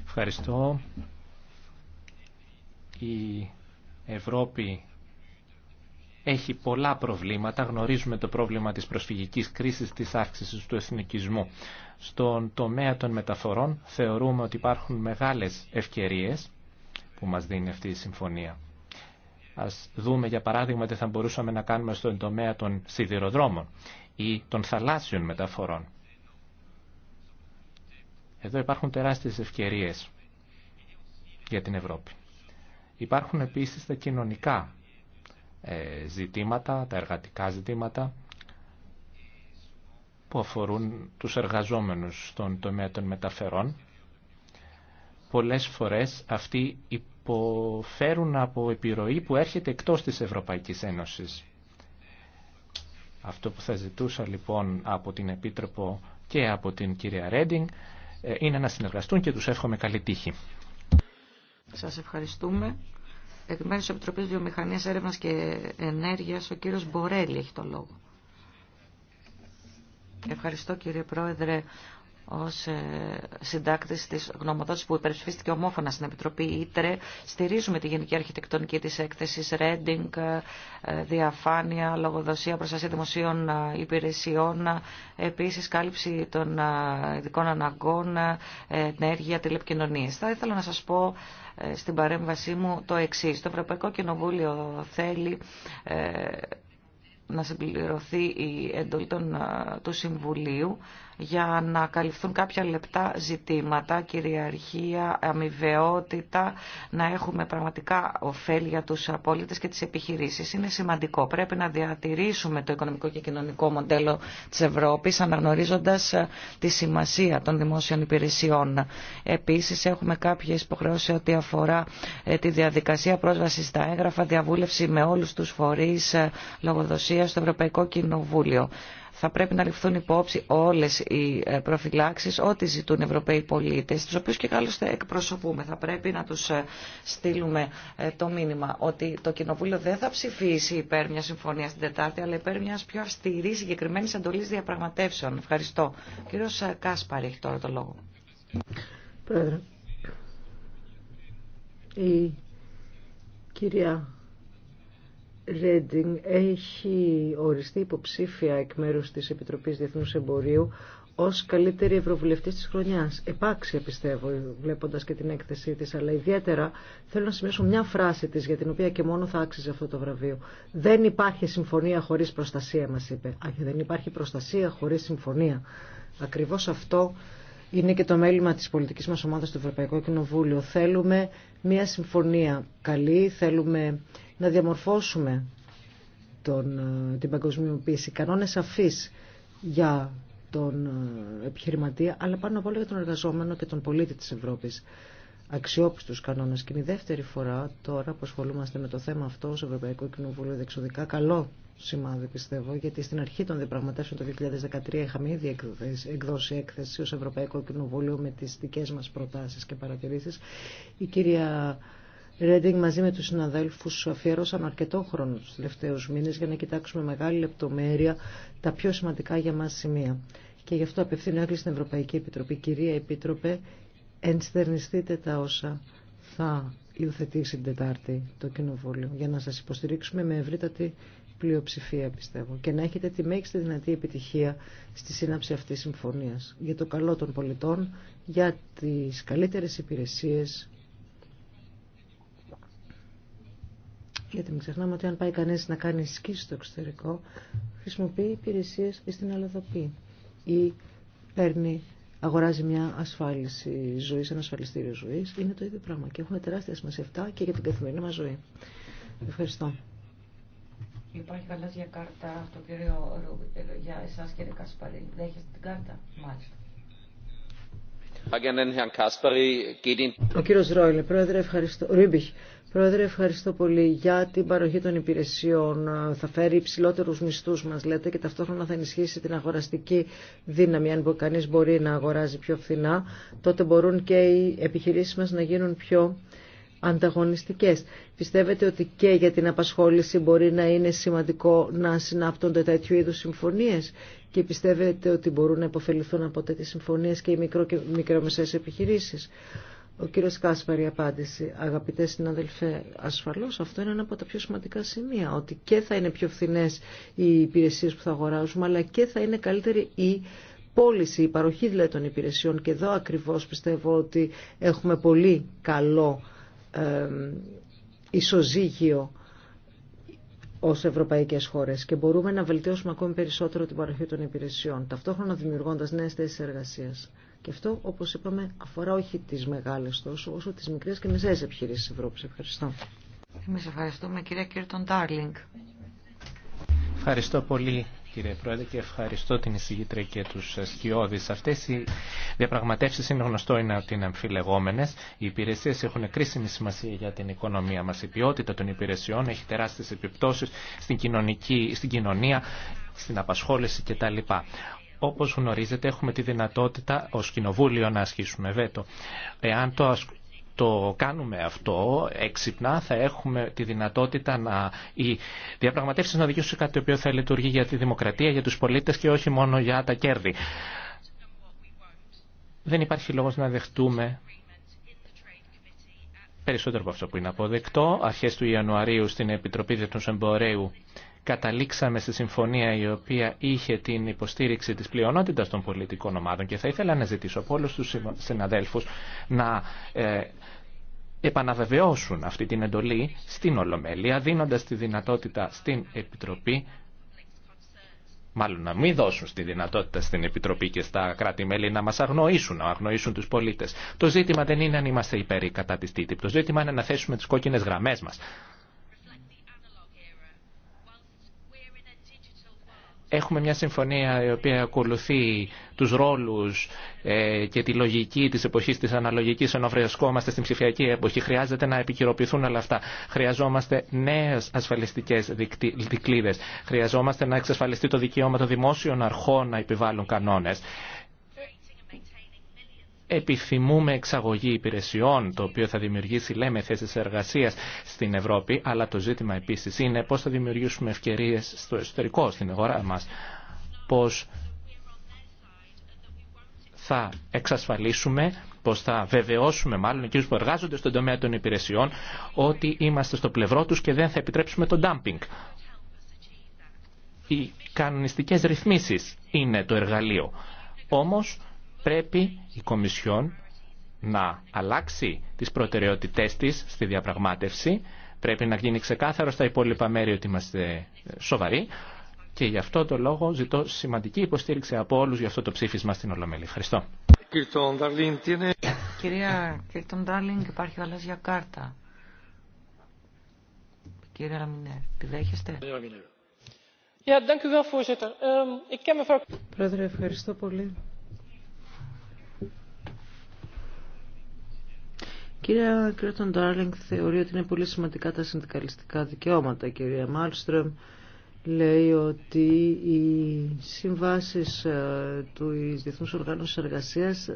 Ευχαριστώ. Η Ευρώπη έχει πολλά προβλήματα. Γνωρίζουμε το πρόβλημα της προσφυγικής κρίσης, της αύξησης του εθνικισμού. Στον τομέα των μεταφορών θεωρούμε ότι υπάρχουν μεγάλες ευκαιρίες που μας δίνει αυτή η συμφωνία. Ας δούμε για παράδειγμα τι θα μπορούσαμε να κάνουμε στον τομέα των σιδηροδρόμων ή των θαλάσσιων μεταφορών. Εδώ υπάρχουν τεράστιες ευκαιρίες για την Ευρώπη. Υπάρχουν επίσης τα κοινωνικά ε, ζητήματα, τα εργατικά ζητήματα που αφορούν τους εργαζόμενους στον τομέα των μεταφερών πολλές φορές αυτοί υποφέρουν από επιρροή που έρχεται εκτός της Ευρωπαϊκής Ένωσης. Αυτό που θα ζητούσα λοιπόν από την Επίτροπο και από την κυρία Ρέντινγκ ε, είναι να συνεργαστούν και τους εύχομαι καλή τύχη. Σας ευχαριστούμε. Εκ μέρους της Επιτροπής Βιομηχανίας Έρευνας και Ενέργειας ο κύριος Μπορέλη έχει το λόγο. Ευχαριστώ κύριε Πρόεδρε ως ε, συντάκτης της γνωμοδότησης που υπερψηφίστηκε ομόφωνα στην Επιτροπή Ήτρε. Στηρίζουμε τη γενική αρχιτεκτονική της έκθεσης Ρέντινγκ, ε, ε, διαφάνεια, λογοδοσία, προστασία δημοσίων υπηρεσιών, επίσης κάλυψη των ειδικών αναγκών, ενέργεια, τηλεπικοινωνίες. Θα ήθελα να σας πω στην παρέμβασή μου το εξής. Το Ευρωπαϊκό Κοινοβούλιο θέλει να συμπληρωθεί η εντολή του Συμβουλίου για να καλυφθούν κάποια λεπτά ζητήματα, κυριαρχία, αμοιβαιότητα, να έχουμε πραγματικά ωφέλη για τους πολίτες και τις επιχειρήσεις. Είναι σημαντικό. Πρέπει να διατηρήσουμε το οικονομικό και κοινωνικό μοντέλο της Ευρώπης, αναγνωρίζοντας ε, τη σημασία των δημόσιων υπηρεσιών. Επίσης, έχουμε κάποιες υποχρεώσεις ό,τι αφορά ε, τη διαδικασία πρόσβασης στα έγγραφα, διαβούλευση με όλους τους φορείς ε, λογοδοσία στο Ευρωπαϊκό Κοινοβούλιο θα πρέπει να ληφθούν υπόψη όλες οι ε, προφυλάξεις, ό,τι ζητούν οι Ευρωπαίοι πολίτες, τους οποίους και κάλωστε εκπροσωπούμε. Θα πρέπει να τους ε, στείλουμε ε, το μήνυμα ότι το Κοινοβούλιο δεν θα ψηφίσει υπέρ μια συμφωνία στην Τετάρτη, αλλά υπέρ μια πιο αυστηρή, συγκεκριμένη εντολή διαπραγματεύσεων. Ευχαριστώ. Κύριο Κάσπαρη έχει τώρα το λόγο. Πρόεδρε, η κυρία Ρέντινγκ έχει οριστεί υποψήφια εκ μέρους της Επιτροπής Διεθνούς Εμπορίου ως καλύτερη ευρωβουλευτής της χρονιάς. Επάξια πιστεύω βλέποντας και την έκθεσή της, αλλά ιδιαίτερα θέλω να σημειώσω μια φράση της για την οποία και μόνο θα άξιζε αυτό το βραβείο. Δεν υπάρχει συμφωνία χωρίς προστασία μας είπε. Α, δεν υπάρχει προστασία χωρίς συμφωνία. Ακριβώς αυτό είναι και το μέλημα της πολιτικής μας ομάδας του Ευρωπαϊκό Κοινοβούλιο. Θέλουμε μια συμφωνία καλή, θέλουμε να διαμορφώσουμε τον, ε, την παγκοσμιοποίηση, κανόνες αφής για τον ε, επιχειρηματία, αλλά πάνω απ' όλα για τον εργαζόμενο και τον πολίτη της Ευρώπης. αξιόπιστους κανόνε. Και είναι η δεύτερη φορά τώρα που ασχολούμαστε με το θέμα αυτό ω Ευρωπαϊκό Κοινοβούλιο Δεξοδικά. Καλό σημάδι πιστεύω, γιατί στην αρχή των διαπραγματεύσεων το 2013 είχαμε ήδη εκδώσει έκθεση ως Ευρωπαϊκό Κοινοβούλιο με τις δικές μας προτάσεις και παρατηρήσεις Η κυρία Ρέντινγκ μαζί με τους συναδέλφους αφιέρωσαν αρκετό χρόνο τους τελευταίους μήνες για να κοιτάξουμε μεγάλη λεπτομέρεια τα πιο σημαντικά για μας σημεία. Και γι' αυτό απευθύνω έκλειση στην Ευρωπαϊκή Επιτροπή. Κυρία Επίτροπε, ενστερνιστείτε τα όσα θα υιοθετήσει την Τετάρτη το Κοινοβούλιο για να σας υποστηρίξουμε με ευρύτατη πλειοψηφία πιστεύω και να έχετε τη μέγιστη δυνατή επιτυχία στη σύναψη αυτής της συμφωνίας για το καλό των πολιτών, για τις καλύτερες υπηρεσίες Γιατί μην ξεχνάμε ότι αν πάει κανεί να κάνει σκίση στο εξωτερικό, χρησιμοποιεί υπηρεσίες στην αλλοδοπή ή παίρνει, αγοράζει μια ασφάλιση ζωή, ένα ασφαλιστήριο ζωή. Είναι το ίδιο πράγμα και έχουν τεράστια σημασία αυτά και για την καθημερινή μα ζωή. Ευχαριστώ. Υπάρχει για κάρτα από τον κύριο για εσά, κύριε Κασπαρή. Δέχεστε την κάρτα, μάλιστα. Ο κύριος Ρόιλε, πρόεδρε, ευχαριστώ. Ρούμπιχ, Πρόεδρε, ευχαριστώ πολύ για την παροχή των υπηρεσιών. Ε, θα φέρει υψηλότερου μισθού, μα λέτε, και ταυτόχρονα θα ενισχύσει την αγοραστική δύναμη. Αν κανεί μπορεί να αγοράζει πιο φθηνά, τότε μπορούν και οι επιχειρήσει μα να γίνουν πιο ανταγωνιστικέ. Πιστεύετε ότι και για την απασχόληση μπορεί να είναι σημαντικό να συνάπτονται τέτοιου είδου συμφωνίε και πιστεύετε ότι μπορούν να υποφεληθούν από τέτοιε συμφωνίε και οι μικρο επιχειρήσει. μικρομεσαίες επιχειρήσεις. Ο κύριος Κάσπαρη απάντηση. Αγαπητέ συναδελφέ, ασφαλώς αυτό είναι ένα από τα πιο σημαντικά σημεία, ότι και θα είναι πιο φθηνές οι υπηρεσίες που θα αγοράζουμε, αλλά και θα είναι καλύτερη η πώληση, η παροχή δηλαδή των υπηρεσιών. Και εδώ ακριβώς πιστεύω ότι έχουμε πολύ καλό ε, ισοζύγιο ω ευρωπαϊκέ χώρε και μπορούμε να βελτιώσουμε ακόμη περισσότερο την παροχή των υπηρεσιών, ταυτόχρονα δημιουργώντα νέε θέσει εργασία. Και αυτό, όπω είπαμε, αφορά όχι τι μεγάλε τόσο, όσο τι μικρέ και μεσαίες επιχειρήσει τη Ευρώπη. Ευχαριστώ. Εμεί ευχαριστούμε κυρία Κίρτον Τάρλινγκ. Ευχαριστώ πολύ κύριε Πρόεδρε και ευχαριστώ την εισηγήτρια και του σκιώδη. Αυτέ οι διαπραγματεύσει είναι γνωστό είναι ότι είναι αμφιλεγόμενες. Οι υπηρεσίε έχουν κρίσιμη σημασία για την οικονομία μα Η ποιότητα των υπηρεσιών έχει τεράστιε επιπτώσει στην, στην κοινωνία, στην απασχόληση κτλ. Όπως γνωρίζετε έχουμε τη δυνατότητα ως κοινοβούλιο να ασκήσουμε βέτο. Εάν το, το κάνουμε αυτό έξυπνα θα έχουμε τη δυνατότητα να οι διαπραγματεύσεις να οδηγήσουν σε κάτι το οποίο θα λειτουργεί για τη δημοκρατία, για τους πολίτες και όχι μόνο για τα κέρδη. Δεν υπάρχει λόγος να δεχτούμε περισσότερο από αυτό που είναι αποδεκτό. Αρχές του Ιανουαρίου στην Επιτροπή Διεθνούς Εμπορέου καταλήξαμε στη συμφωνία η οποία είχε την υποστήριξη της πλειονότητας των πολιτικών ομάδων και θα ήθελα να ζητήσω από όλους τους συναδέλφους να ε, επαναβεβαιώσουν αυτή την εντολή στην Ολομέλεια, δίνοντας τη δυνατότητα στην Επιτροπή μάλλον να μην δώσουν στη δυνατότητα στην Επιτροπή και στα κράτη-μέλη να μας αγνοήσουν, να αγνοήσουν τους πολίτες. Το ζήτημα δεν είναι αν είμαστε υπέρ ή κατά της TTIP. Το ζήτημα είναι να θέσουμε τις κόκκινες γραμμές μας. έχουμε μια συμφωνία η οποία ακολουθεί τους ρόλους ε, και τη λογική της εποχής της αναλογικής ενώ βρισκόμαστε στην ψηφιακή εποχή. Χρειάζεται να επικυρωποιηθούν όλα αυτά. Χρειαζόμαστε νέες ασφαλιστικές δικλείδες. Χρειαζόμαστε να εξασφαλιστεί το δικαίωμα των δημόσιων αρχών να επιβάλλουν κανόνες επιθυμούμε εξαγωγή υπηρεσιών, το οποίο θα δημιουργήσει, λέμε, θέσεις εργασίας στην Ευρώπη, αλλά το ζήτημα επίσης είναι πώς θα δημιουργήσουμε ευκαιρίες στο εσωτερικό, στην αγορά μας, πώς θα εξασφαλίσουμε, πώς θα βεβαιώσουμε μάλλον εκείνους που εργάζονται στον τομέα των υπηρεσιών, ότι είμαστε στο πλευρό του και δεν θα επιτρέψουμε το dumping. Οι κανονιστικές ρυθμίσεις είναι το εργαλείο. Όμως, πρέπει η Κομισιόν να αλλάξει τις προτεραιότητές της στη διαπραγμάτευση. Πρέπει να γίνει ξεκάθαρο στα υπόλοιπα μέρη ότι είμαστε ε, σοβαροί και γι' αυτό το λόγο ζητώ σημαντική υποστήριξη από όλους για αυτό το ψήφισμα στην Ολομέλη. Ευχαριστώ. Κυρία Κίρτον Ντάρλινγκ, υπάρχει γαλάζια κάρτα. Κύριε Ραμινέρ, τη δέχεστε. Ehm, Πρόεδρε, ευχαριστώ πολύ. κυρία Κρέτον Ντάρλινγκ θεωρεί ότι είναι πολύ σημαντικά τα συνδικαλιστικά δικαιώματα. Η κυρία Μάλστρομ λέει ότι οι συμβάσεις ε, του Διεθνούς Οργάνωσης Εργασίας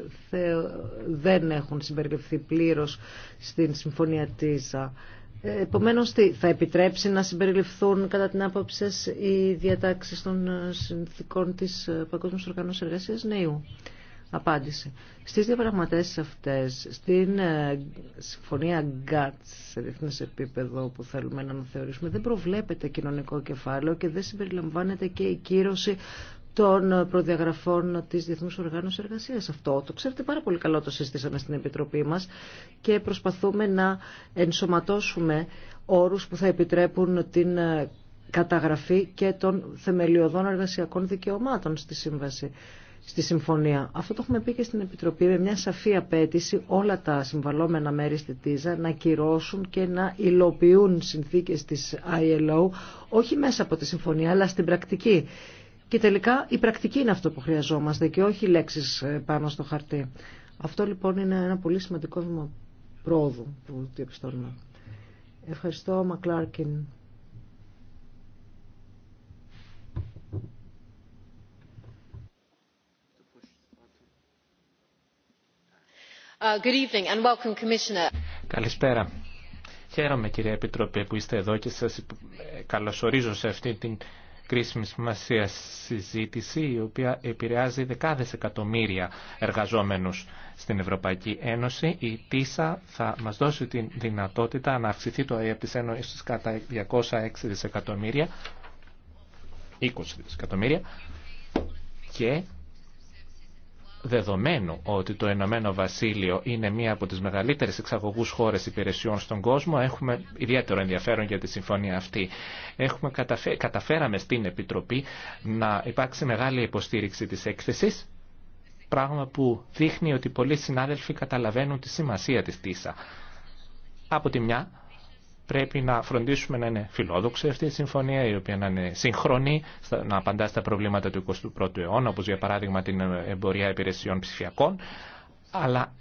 δεν έχουν συμπεριληφθεί πλήρως στην Συμφωνία ΤΙΖΑ. Ε, Επομένω, θα επιτρέψει να συμπεριληφθούν κατά την άποψη σας οι διατάξεις των ε, συνθήκων τη Παγκόσμιας Οργάνωσης Εργασία. νέου. Ναι, Απάντηση. Στι διαπραγματεύσει αυτέ, στην ε, συμφωνία GATS σε διεθνέ επίπεδο που θέλουμε να αναθεωρήσουμε, δεν προβλέπεται κοινωνικό κεφάλαιο και δεν συμπεριλαμβάνεται και η κύρωση των προδιαγραφών τη Διεθνού οργάνωση εργασία. Αυτό το ξέρετε πάρα πολύ καλό το συστήσαμε στην Επιτροπή μα και προσπαθούμε να ενσωματώσουμε όρου που θα επιτρέπουν την ε, καταγραφή και των θεμελιωδών εργασιακών δικαιωμάτων στη Σύμβαση στη συμφωνία. Αυτό το έχουμε πει και στην Επιτροπή με μια σαφή απέτηση όλα τα συμβαλόμενα μέρη στη ΤΙΖΑ να κυρώσουν και να υλοποιούν συνθήκες της ILO όχι μέσα από τη συμφωνία αλλά στην πρακτική. Και τελικά η πρακτική είναι αυτό που χρειαζόμαστε και όχι λέξεις ε, πάνω στο χαρτί. Αυτό λοιπόν είναι ένα πολύ σημαντικό βήμα πρόοδου που διαπιστώνουμε. Ευχαριστώ Μακλάρκιν. Uh, Καλησπέρα. Χαίρομαι κύριε Επιτροπέ που είστε εδώ και σας ε, καλωσορίζω σε αυτή την κρίσιμη σημασία συζήτηση η οποία επηρεάζει δεκάδες εκατομμύρια εργαζόμενους στην Ευρωπαϊκή Ένωση. Η ΤΙΣΑ θα μας δώσει τη δυνατότητα να αυξηθεί το ΑΕΠ της Ένωσης κατά 206 δισεκατομμύρια, 20 δισεκατομμύρια και δεδομένου ότι το Ηνωμένο Βασίλειο είναι μία από τις μεγαλύτερες εξαγωγούς χώρες υπηρεσιών στον κόσμο, έχουμε ιδιαίτερο ενδιαφέρον για τη συμφωνία αυτή. Έχουμε Καταφέραμε στην Επιτροπή να υπάρξει μεγάλη υποστήριξη της έκθεσης, πράγμα που δείχνει ότι πολλοί συνάδελφοι καταλαβαίνουν τη σημασία της ΤΙΣΑ. Από τη μια, πρέπει να φροντίσουμε να είναι φιλόδοξη αυτή η συμφωνία, η οποία να είναι σύγχρονη, να απαντά στα προβλήματα του 21ου αιώνα, όπως για παράδειγμα την εμπορία υπηρεσιών ψηφιακών, αλλά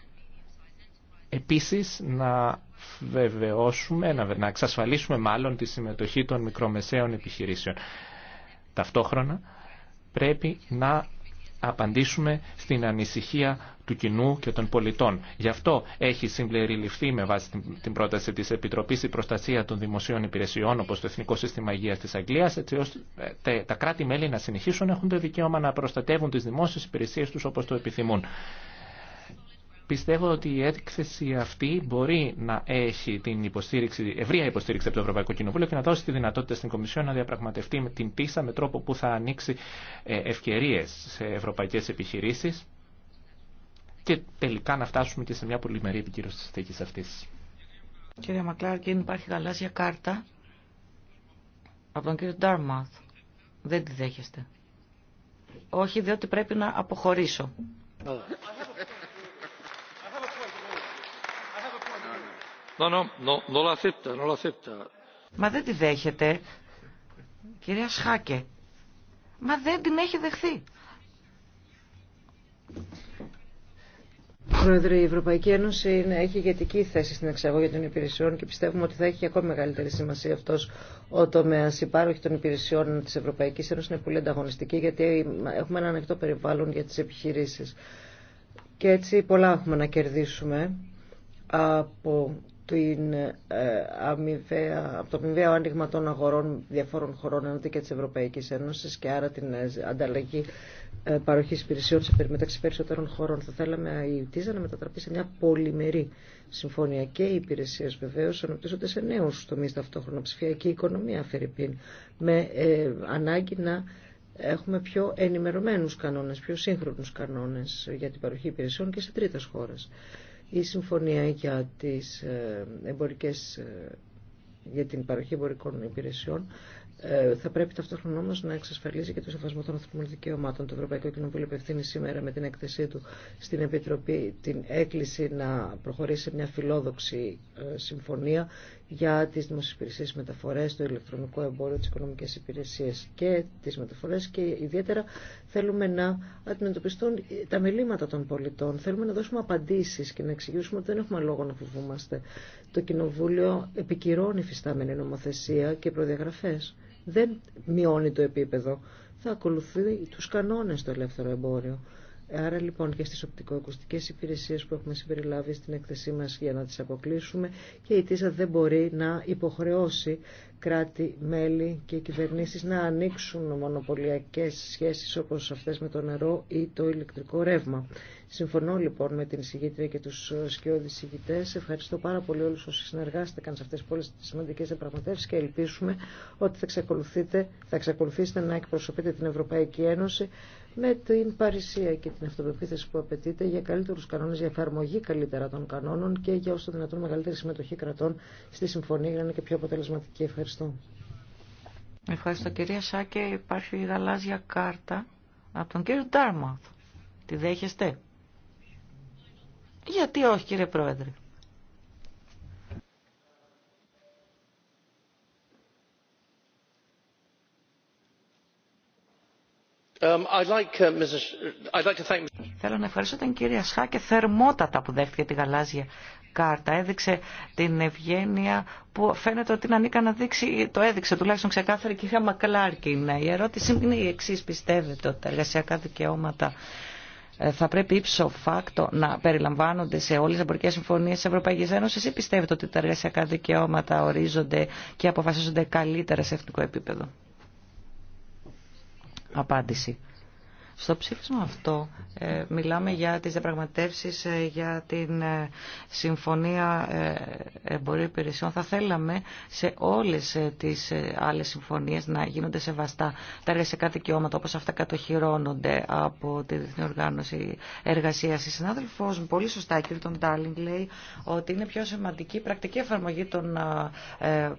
επίσης να βεβαιώσουμε, να εξασφαλίσουμε μάλλον τη συμμετοχή των μικρομεσαίων επιχειρήσεων. Ταυτόχρονα πρέπει να απαντήσουμε στην ανησυχία του κοινού και των πολιτών. Γι' αυτό έχει συμπληρηληφθεί με βάση την πρόταση της Επιτροπής η προστασία των δημοσίων υπηρεσιών όπως το Εθνικό Σύστημα Υγείας της Αγγλίας έτσι ώστε ε, τα κράτη-μέλη να συνεχίσουν να έχουν το δικαίωμα να προστατεύουν τις δημόσιες υπηρεσίες τους όπως το επιθυμούν. Πιστεύω ότι η έκθεση αυτή μπορεί να έχει την υποστήριξη, υποστήριξη από το Ευρωπαϊκό Κοινοβούλιο και να δώσει τη δυνατότητα στην Κομισιό να διαπραγματευτεί με την πίσα με τρόπο που θα ανοίξει ε, ευκαιρίε σε ευρωπαϊκέ επιχειρήσει και τελικά να φτάσουμε και σε μια πολυμερή επικύρωση τη θήκη αυτή. Κύριε Μακλάρκιν, υπάρχει γαλάζια κάρτα από τον κύριο Ντάρμαθ. Δεν τη δέχεστε. Όχι, διότι πρέπει να αποχωρήσω. (laughs) Μα δεν τη δέχεται, κυρία Σχάκε. Μα δεν την έχει δεχθεί. Πρόεδρε, η Ευρωπαϊκή Ένωση έχει ηγετική θέση στην εξαγωγή των υπηρεσιών και πιστεύουμε ότι θα έχει ακόμη μεγαλύτερη σημασία αυτό ο τομέα. Οι πάροχοι των υπηρεσιών τη Ευρωπαϊκή Ένωση είναι πολύ ανταγωνιστικοί γιατί έχουμε ένα ανοιχτό περιβάλλον για τι επιχειρήσει. Και έτσι πολλά έχουμε να κερδίσουμε από την ε, αμοιβαία, από το αμοιβαίο άνοιγμα των αγορών διαφόρων χωρών ενώ και της Ευρωπαϊκής Ένωσης και άρα την ε, ανταλλαγή ε, παροχής υπηρεσιών σε μεταξύ περισσότερων χωρών. Θα θέλαμε η ΤΙΖΑ να μετατραπεί σε μια πολυμερή συμφωνία και οι υπηρεσίε βεβαίω αναπτύσσονται σε νέου τομεί ταυτόχρονα. Ψηφιακή οικονομία, Φερρυπίν, με ανάγκη να έχουμε πιο ενημερωμένους κανόνες πιο σύγχρονους κανόνες για την παροχή υπηρεσιών και σε τρίτες χώρε η συμφωνία για, τις ε, εμπορικές, ε, για την παροχή εμπορικών υπηρεσιών ε, θα πρέπει ταυτόχρονα όμω να εξασφαλίσει και το σεβασμό των ανθρωπίνων δικαιωμάτων. Το Ευρωπαϊκό Κοινοβούλιο απευθύνει σήμερα με την έκθεσή του στην Επιτροπή την έκκληση να προχωρήσει σε μια φιλόδοξη συμφωνία για τις δημοσιοπηρεσίες μεταφορές, το ηλεκτρονικό εμπόριο, τις οικονομικές υπηρεσίες και τις μεταφορές και ιδιαίτερα θέλουμε να αντιμετωπιστούν τα μελήματα των πολιτών. Θέλουμε να δώσουμε απαντήσεις και να εξηγήσουμε ότι δεν έχουμε λόγο να φοβούμαστε. Το Κοινοβούλιο επικυρώνει φυστάμενη νομοθεσία και προδιαγραφές. Δεν μειώνει το επίπεδο. Θα ακολουθεί τους κανόνες το ελεύθερο εμπόριο. Άρα λοιπόν και στις οπτικοακουστικές υπηρεσίες που έχουμε συμπεριλάβει στην έκθεσή μας για να τις αποκλείσουμε και η ΤΙΖΑ δεν μπορεί να υποχρεώσει κράτη, μέλη και κυβερνήσεις να ανοίξουν μονοπωλιακές σχέσεις όπως αυτές με το νερό ή το ηλεκτρικό ρεύμα. Συμφωνώ λοιπόν με την συγγήτρια και τους σκιώδη συγγητές. Ευχαριστώ πάρα πολύ όλους όσοι συνεργάστηκαν σε αυτές τις πολλές σημαντικές διαπραγματεύσεις και ελπίσουμε ότι θα, θα εξακολουθήσετε να εκπροσωπείτε την Ευρωπαϊκή Ένωση με την παρουσία και την αυτοπεποίθηση που απαιτείται για καλύτερου κανόνε, για εφαρμογή καλύτερα των κανόνων και για όσο δυνατόν μεγαλύτερη συμμετοχή κρατών στη συμφωνία για να είναι και πιο αποτελεσματική. Ευχαριστώ. Ευχαριστώ κυρία Σάκε. Υπάρχει η γαλάζια κάρτα από τον κύριο Ντάρμαθ. Τη δέχεστε. Γιατί όχι κύριε Πρόεδρε. Um, uh, Θέλω να ευχαριστώ την κυρία Σχάκε θερμότατα που δέχτηκε τη γαλάζια κάρτα. Έδειξε την ευγένεια που φαίνεται ότι είναι ανήκα να δείξει, το έδειξε τουλάχιστον ξεκάθαρη κυρία Μακλάρκιν. Η ερώτηση είναι η εξή. Πιστεύετε ότι τα εργασιακά δικαιώματα ε, θα πρέπει ύψο φάκτο να περιλαμβάνονται σε όλες τις εμπορικές συμφωνίες της Ευρωπαϊκής Ένωσης ή πιστεύετε ότι τα εργασιακά δικαιώματα ορίζονται και αποφασίζονται καλύτερα σε εθνικό επίπεδο απάντηση. Στο ψήφισμα αυτό ε, μιλάμε για τις διαπραγματεύσεις ε, για την ε, Συμφωνία Εμπορίου Υπηρεσιών. Θα θέλαμε σε όλες τις άλλες συμφωνίες να γίνονται σεβαστά τα εργασιακά δικαιώματα όπως αυτά κατοχυρώνονται από τη Διεθνή Οργάνωση Εργασίας. Η συνάδελφός μου πολύ σωστά, κ. Τον Τάλινγκ, λέει ότι είναι πιο σημαντική η πρακτική εφαρμογή των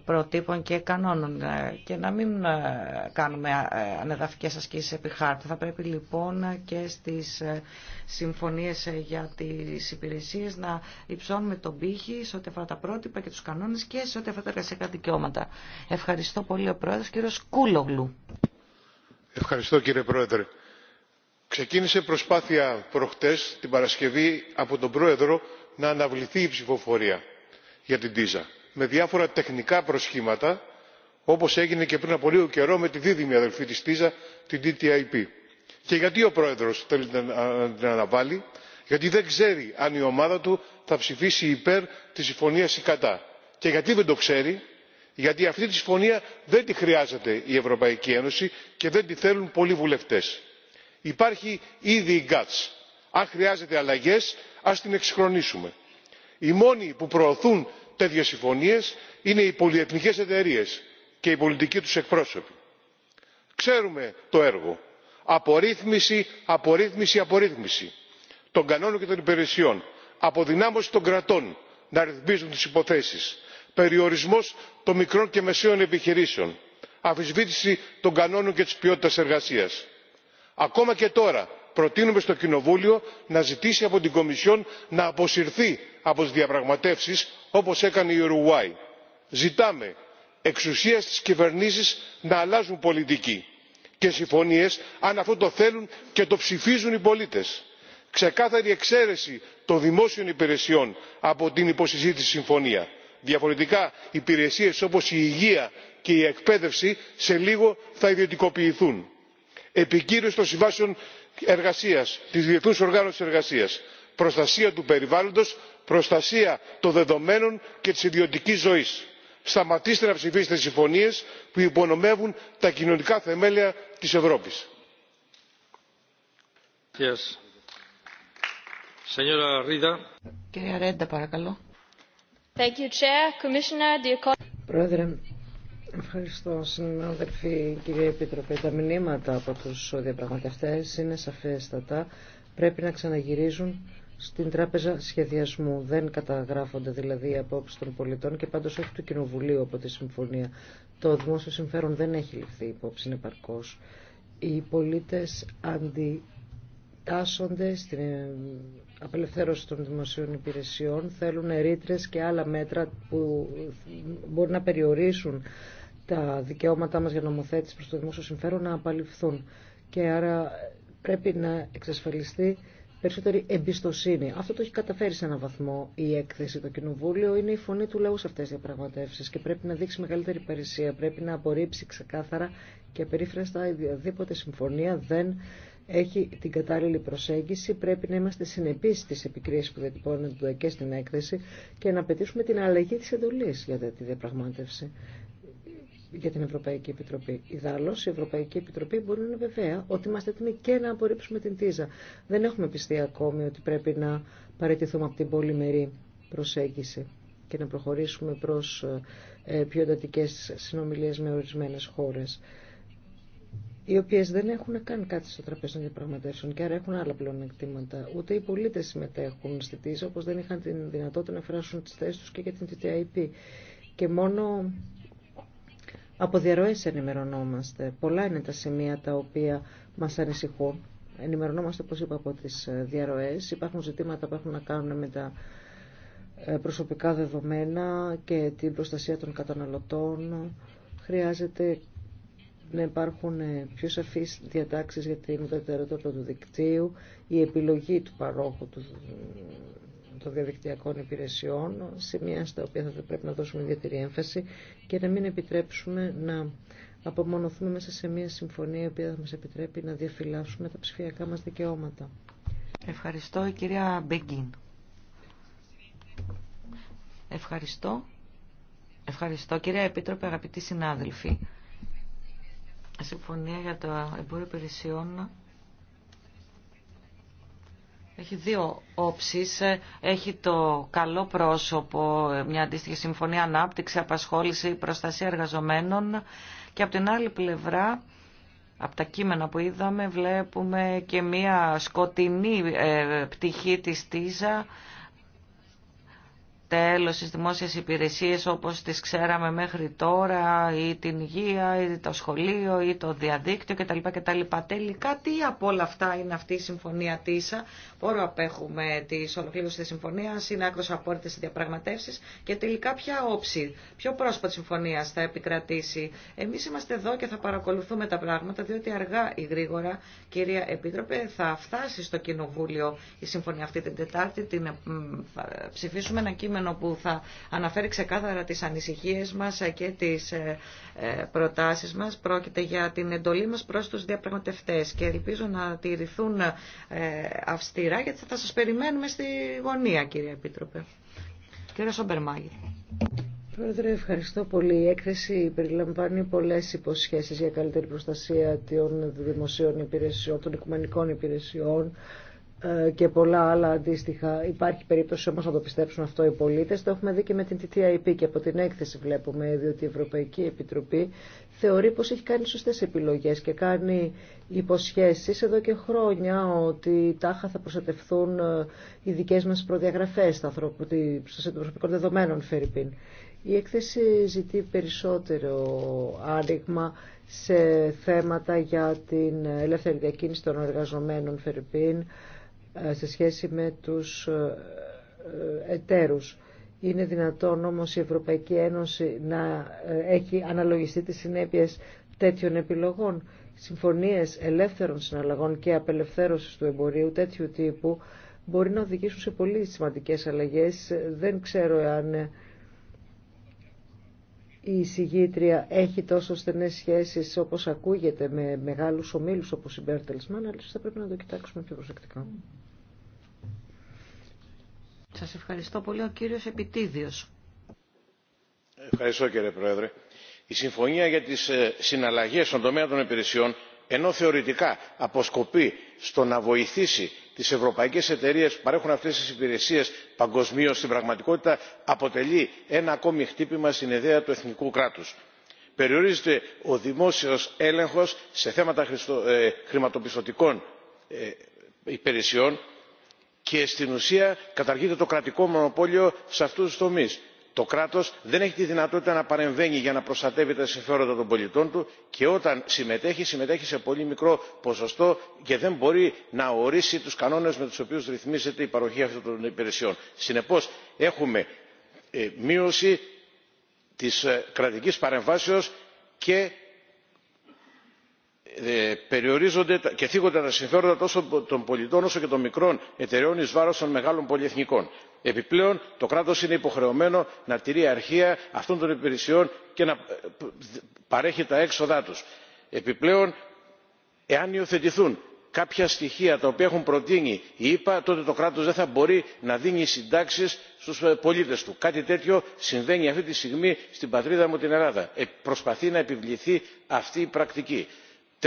προτύπων και κανόνων και να μην κάνουμε ανεδαφικές ασκήσεις επί χάρτη. Θα πρέπει λοιπόν, λοιπόν και στις ε, συμφωνίες ε, για τις υπηρεσίες να υψώνουμε τον πύχη σε ό,τι αφορά τα πρότυπα και τους κανόνες και σε ό,τι αφορά τα εργασιακά δικαιώματα. Ευχαριστώ πολύ ο Πρόεδρος, κύριο Κούλογλου. Ευχαριστώ κύριε Πρόεδρε. Ξεκίνησε προσπάθεια προχτές την Παρασκευή από τον Πρόεδρο να αναβληθεί η ψηφοφορία για την Τίζα με διάφορα τεχνικά προσχήματα όπως έγινε και πριν από λίγο καιρό με τη δίδυμη αδελφή της τίζα την DTIP και γιατί ο πρόεδρος θέλει να την αναβάλει γιατί δεν ξέρει αν η ομάδα του θα ψηφίσει υπέρ τη συμφωνία ή κατά. και γιατί δεν το ξέρει γιατί αυτή τη συμφωνία δεν τη χρειάζεται η ευρωπαϊκή ένωση και δεν τη θέλουν πολλοί βουλευτές. υπάρχει ήδη η ΓΚΑΤΣ. αν χρειάζεται αλλαγές ας την εξυγχρονίσουμε. οι μόνοι που προωθούν τέτοιε συμφωνίε είναι οι πολυεθνικές εταιρείε και οι πολιτικοί του εκπρόσωποι. ξέρουμε το έργο απορρίθμιση απορρίθμιση απορρίθμιση των κανόνων και των υπηρεσιών αποδυνάμωση των κρατών να ρυθμίζουν τις υποθέσεις περιορισμός των μικρών και μεσαίων επιχειρήσεων αμφισβήτηση των κανόνων και της ποιότητας εργασίας. ακόμα και τώρα προτείνουμε στο κοινοβούλιο να ζητήσει από την κομισιόν να αποσυρθεί από τις διαπραγματεύσεις όπως έκανε η ουρουάη. ζητάμε εξουσία στις κυβερνήσεις να αλλάζουν πολιτική και συμφωνίες αν αυτό το θέλουν και το ψηφίζουν οι πολίτες. ξεκάθαρη εξαίρεση των δημόσιων υπηρεσιών από την υποσυζήτηση συμφωνία. διαφορετικά υπηρεσίες όπως η υγεία και η εκπαίδευση σε λίγο θα ιδιωτικοποιηθούν. επικύρωση των συμβάσεων εργασίας της διεθνούς οργάνωσης εργασίας προστασία του περιβάλλοντος προστασία των δεδομένων και της ιδιωτικής ζωής σταματήστε να ψηφίζετε συμφωνίες που υπονομεύουν τα κοινωνικά θεμέλια της ευρώπης. Κυρία Ρέντα, παρακαλώ. Πρόεδρε, ευχαριστώ συνάδελφοι κύριε Επίτροπε. Τα μηνύματα από τους διαπραγματευτές είναι σαφέστατα. Πρέπει να ξαναγυρίζουν στην τράπεζα σχεδιασμού. Δεν καταγράφονται δηλαδή οι απόψει των πολιτών και πάντω όχι του Κοινοβουλίου από τη Συμφωνία. Το δημόσιο συμφέρον δεν έχει ληφθεί υπόψη παρκώ. Οι πολίτες αντιτάσσονται στην ε, απελευθέρωση των δημοσίων υπηρεσιών, θέλουν ρήτρε και άλλα μέτρα που μπορεί να περιορίσουν τα δικαιώματά μας για νομοθέτηση προς το δημόσιο συμφέρον να απαλληφθούν. Και άρα πρέπει να εξασφαλιστεί περισσότερη εμπιστοσύνη. Αυτό το έχει καταφέρει σε έναν βαθμό η έκθεση. Το Κοινοβούλιο είναι η φωνή του λαού σε αυτέ τι διαπραγματεύσει και πρέπει να δείξει μεγαλύτερη υπηρεσία. Πρέπει να απορρίψει ξεκάθαρα και περίφραστα οποιαδήποτε συμφωνία δεν έχει την κατάλληλη προσέγγιση. Πρέπει να είμαστε συνεπεί στι επικρίσει που διατυπώνονται και στην έκθεση και να πετύσουμε την αλλαγή τη εντολή για τη διαπραγμάτευση για την Ευρωπαϊκή Επιτροπή. Ιδάλω, η Ευρωπαϊκή Επιτροπή μπορεί να είναι βεβαία ότι είμαστε έτοιμοι και να απορρίψουμε την ΤΙΖΑ. Δεν έχουμε πιστεί ακόμη ότι πρέπει να παραιτηθούμε από την πολυμερή προσέγγιση και να προχωρήσουμε προς ε, πιο εντατικέ συνομιλίε με ορισμένε χώρε, οι οποίε δεν έχουν καν κάτι στο τραπέζι των διαπραγματεύσεων και άρα έχουν άλλα πλεονεκτήματα. Ούτε οι πολίτε συμμετέχουν στη ΤΙΖΑ όπω δεν είχαν την δυνατότητα να φράσουν τι θέσει του και για την TTIP. Και μόνο από διαρροές ενημερωνόμαστε. Πολλά είναι τα σημεία τα οποία μας ανησυχούν. Ενημερωνόμαστε, όπως είπα, από τις ε, διαρροές. Υπάρχουν ζητήματα που έχουν να κάνουν με τα ε, προσωπικά δεδομένα και την προστασία των καταναλωτών. Χρειάζεται να υπάρχουν ε, πιο σαφείς διατάξεις για την ουδετερότητα του δικτύου, η επιλογή του παρόχου του των διαδικτυακών υπηρεσιών, σημεία στα οποία θα πρέπει να δώσουμε ιδιαίτερη έμφαση και να μην επιτρέψουμε να απομονωθούμε μέσα σε μια συμφωνία η οποία θα μας επιτρέπει να διαφυλάσσουμε τα ψηφιακά μας δικαιώματα. Ευχαριστώ, η κυρία Μπέγκιν. Ευχαριστώ. Ευχαριστώ, κυρία Επίτροπε, αγαπητοί συνάδελφοι. Συμφωνία για το εμπόριο υπηρεσιών έχει δύο όψεις. Έχει το καλό πρόσωπο, μια αντίστοιχη συμφωνία ανάπτυξη, απασχόληση, προστασία εργαζομένων και από την άλλη πλευρά από τα κείμενα που είδαμε βλέπουμε και μία σκοτεινή ε, πτυχή της ΤΙΖΑ τέλος στις δημόσιες υπηρεσίες όπως τις ξέραμε μέχρι τώρα ή την υγεία ή το σχολείο ή το διαδίκτυο κτλ. κτλ. Τελικά τι από όλα αυτά είναι αυτή η συμφωνία ΤΙΣΑ. Πόρο απέχουμε τη ολοκλήρωση της συμφωνίας, είναι άκρος απόρριτες οι διαπραγματεύσεις και τελικά ποια όψη, ποιο πρόσωπο της συμφωνίας θα επικρατήσει. Εμείς είμαστε εδώ και θα παρακολουθούμε τα πράγματα διότι αργά ή γρήγορα κυρία Επίτροπε θα φτάσει στο Κοινοβούλιο η συμφωνία αυτή την Τετάρτη, την ψηφίσουμε ένα κείμενο κείμενο που θα αναφέρει ξεκάθαρα τις ανησυχίες μας και τις ε, ε, προτάσεις μας. Πρόκειται για την εντολή μας προς τους διαπραγματευτές και ελπίζω να τηρηθούν ε, αυστηρά γιατί θα σας περιμένουμε στη γωνία κύριε Επίτροπε. Κύριε Σομπερμάγη. Πρόεδρε, ευχαριστώ πολύ. Η έκθεση περιλαμβάνει πολλέ υποσχέσει για καλύτερη προστασία των δημοσίων υπηρεσιών, των οικουμενικών υπηρεσιών, ε, και πολλά άλλα αντίστοιχα. Υπάρχει περίπτωση όμως να το πιστέψουν αυτό οι πολίτες. Το έχουμε δει και με την TTIP και από την έκθεση βλέπουμε, διότι η Ευρωπαϊκή Επιτροπή θεωρεί πως έχει κάνει σωστές επιλογές και κάνει υποσχέσεις εδώ και χρόνια ότι τάχα θα προστατευθούν ε, οι δικές μας προδιαγραφές στα των προσωπικών δεδομένων, Φερρυπίν. Η έκθεση ζητεί περισσότερο άνοιγμα σε θέματα για την ελεύθερη διακίνηση των εργαζομένων, Φερρυπίν, ε, σε σχέση με τους ε, ε, εταίρους. Είναι δυνατόν όμως η Ευρωπαϊκή Ένωση να έχει αναλογιστεί τις συνέπειες τέτοιων επιλογών. Συμφωνίες ελεύθερων συναλλαγών και απελευθέρωσης του εμπορίου τέτοιου τύπου μπορεί να οδηγήσουν σε πολύ σημαντικές αλλαγές. Δεν ξέρω αν η εισηγήτρια έχει τόσο στενές σχέσεις όπως ακούγεται με μεγάλους ομίλους όπως η Μπέρτελσμαν, αλλά θα πρέπει να το κοιτάξουμε πιο προσεκτικά. Σας ευχαριστώ πολύ. Ο κύριος Επιτίδιος. Ευχαριστώ κύριε Πρόεδρε. Η συμφωνία για τις ε, συναλλαγές στον τομέα των υπηρεσιών ενώ θεωρητικά αποσκοπεί στο να βοηθήσει τις ευρωπαϊκές εταιρείες που παρέχουν αυτές τις υπηρεσίες παγκοσμίω στην πραγματικότητα αποτελεί ένα ακόμη χτύπημα στην ιδέα του εθνικού κράτους. Περιορίζεται ο δημόσιος έλεγχος σε θέματα ε, χρηματοπιστωτικών ε, υπηρεσιών και στην ουσία καταργείται το κρατικό μονοπόλιο σε αυτούς τους τομείς. Το κράτος δεν έχει τη δυνατότητα να παρεμβαίνει για να προστατεύει τα συμφέροντα των πολιτών του και όταν συμμετέχει συμμετέχει σε πολύ μικρό ποσοστό και δεν μπορεί να ορίσει τους κανόνες με τους οποίους ρυθμίζεται η παροχή αυτών των υπηρεσιών. Συνεπώ έχουμε ε, μείωση της ε, κρατική παρεμβάσεω και ε, περιορίζονται και θίγονται τα συμφέροντα τόσο των πολιτών όσο και των μικρών εταιρεών ει βάρο των μεγάλων πολυεθνικών. επιπλέον το κράτο είναι υποχρεωμένο να τηρεί αρχεία αυτών των υπηρεσιών και να ε, παρέχει τα έξοδά του. επιπλέον εάν υιοθετηθούν κάποια στοιχεία τα οποία έχουν προτείνει οι ηπα τότε το κράτο δεν θα μπορεί να δίνει συντάξει στου ε, πολίτε του. κάτι τέτοιο συμβαίνει αυτή τη στιγμή στην πατρίδα μου την ελλάδα. προσπαθεί να επιβληθεί αυτή η πρακτική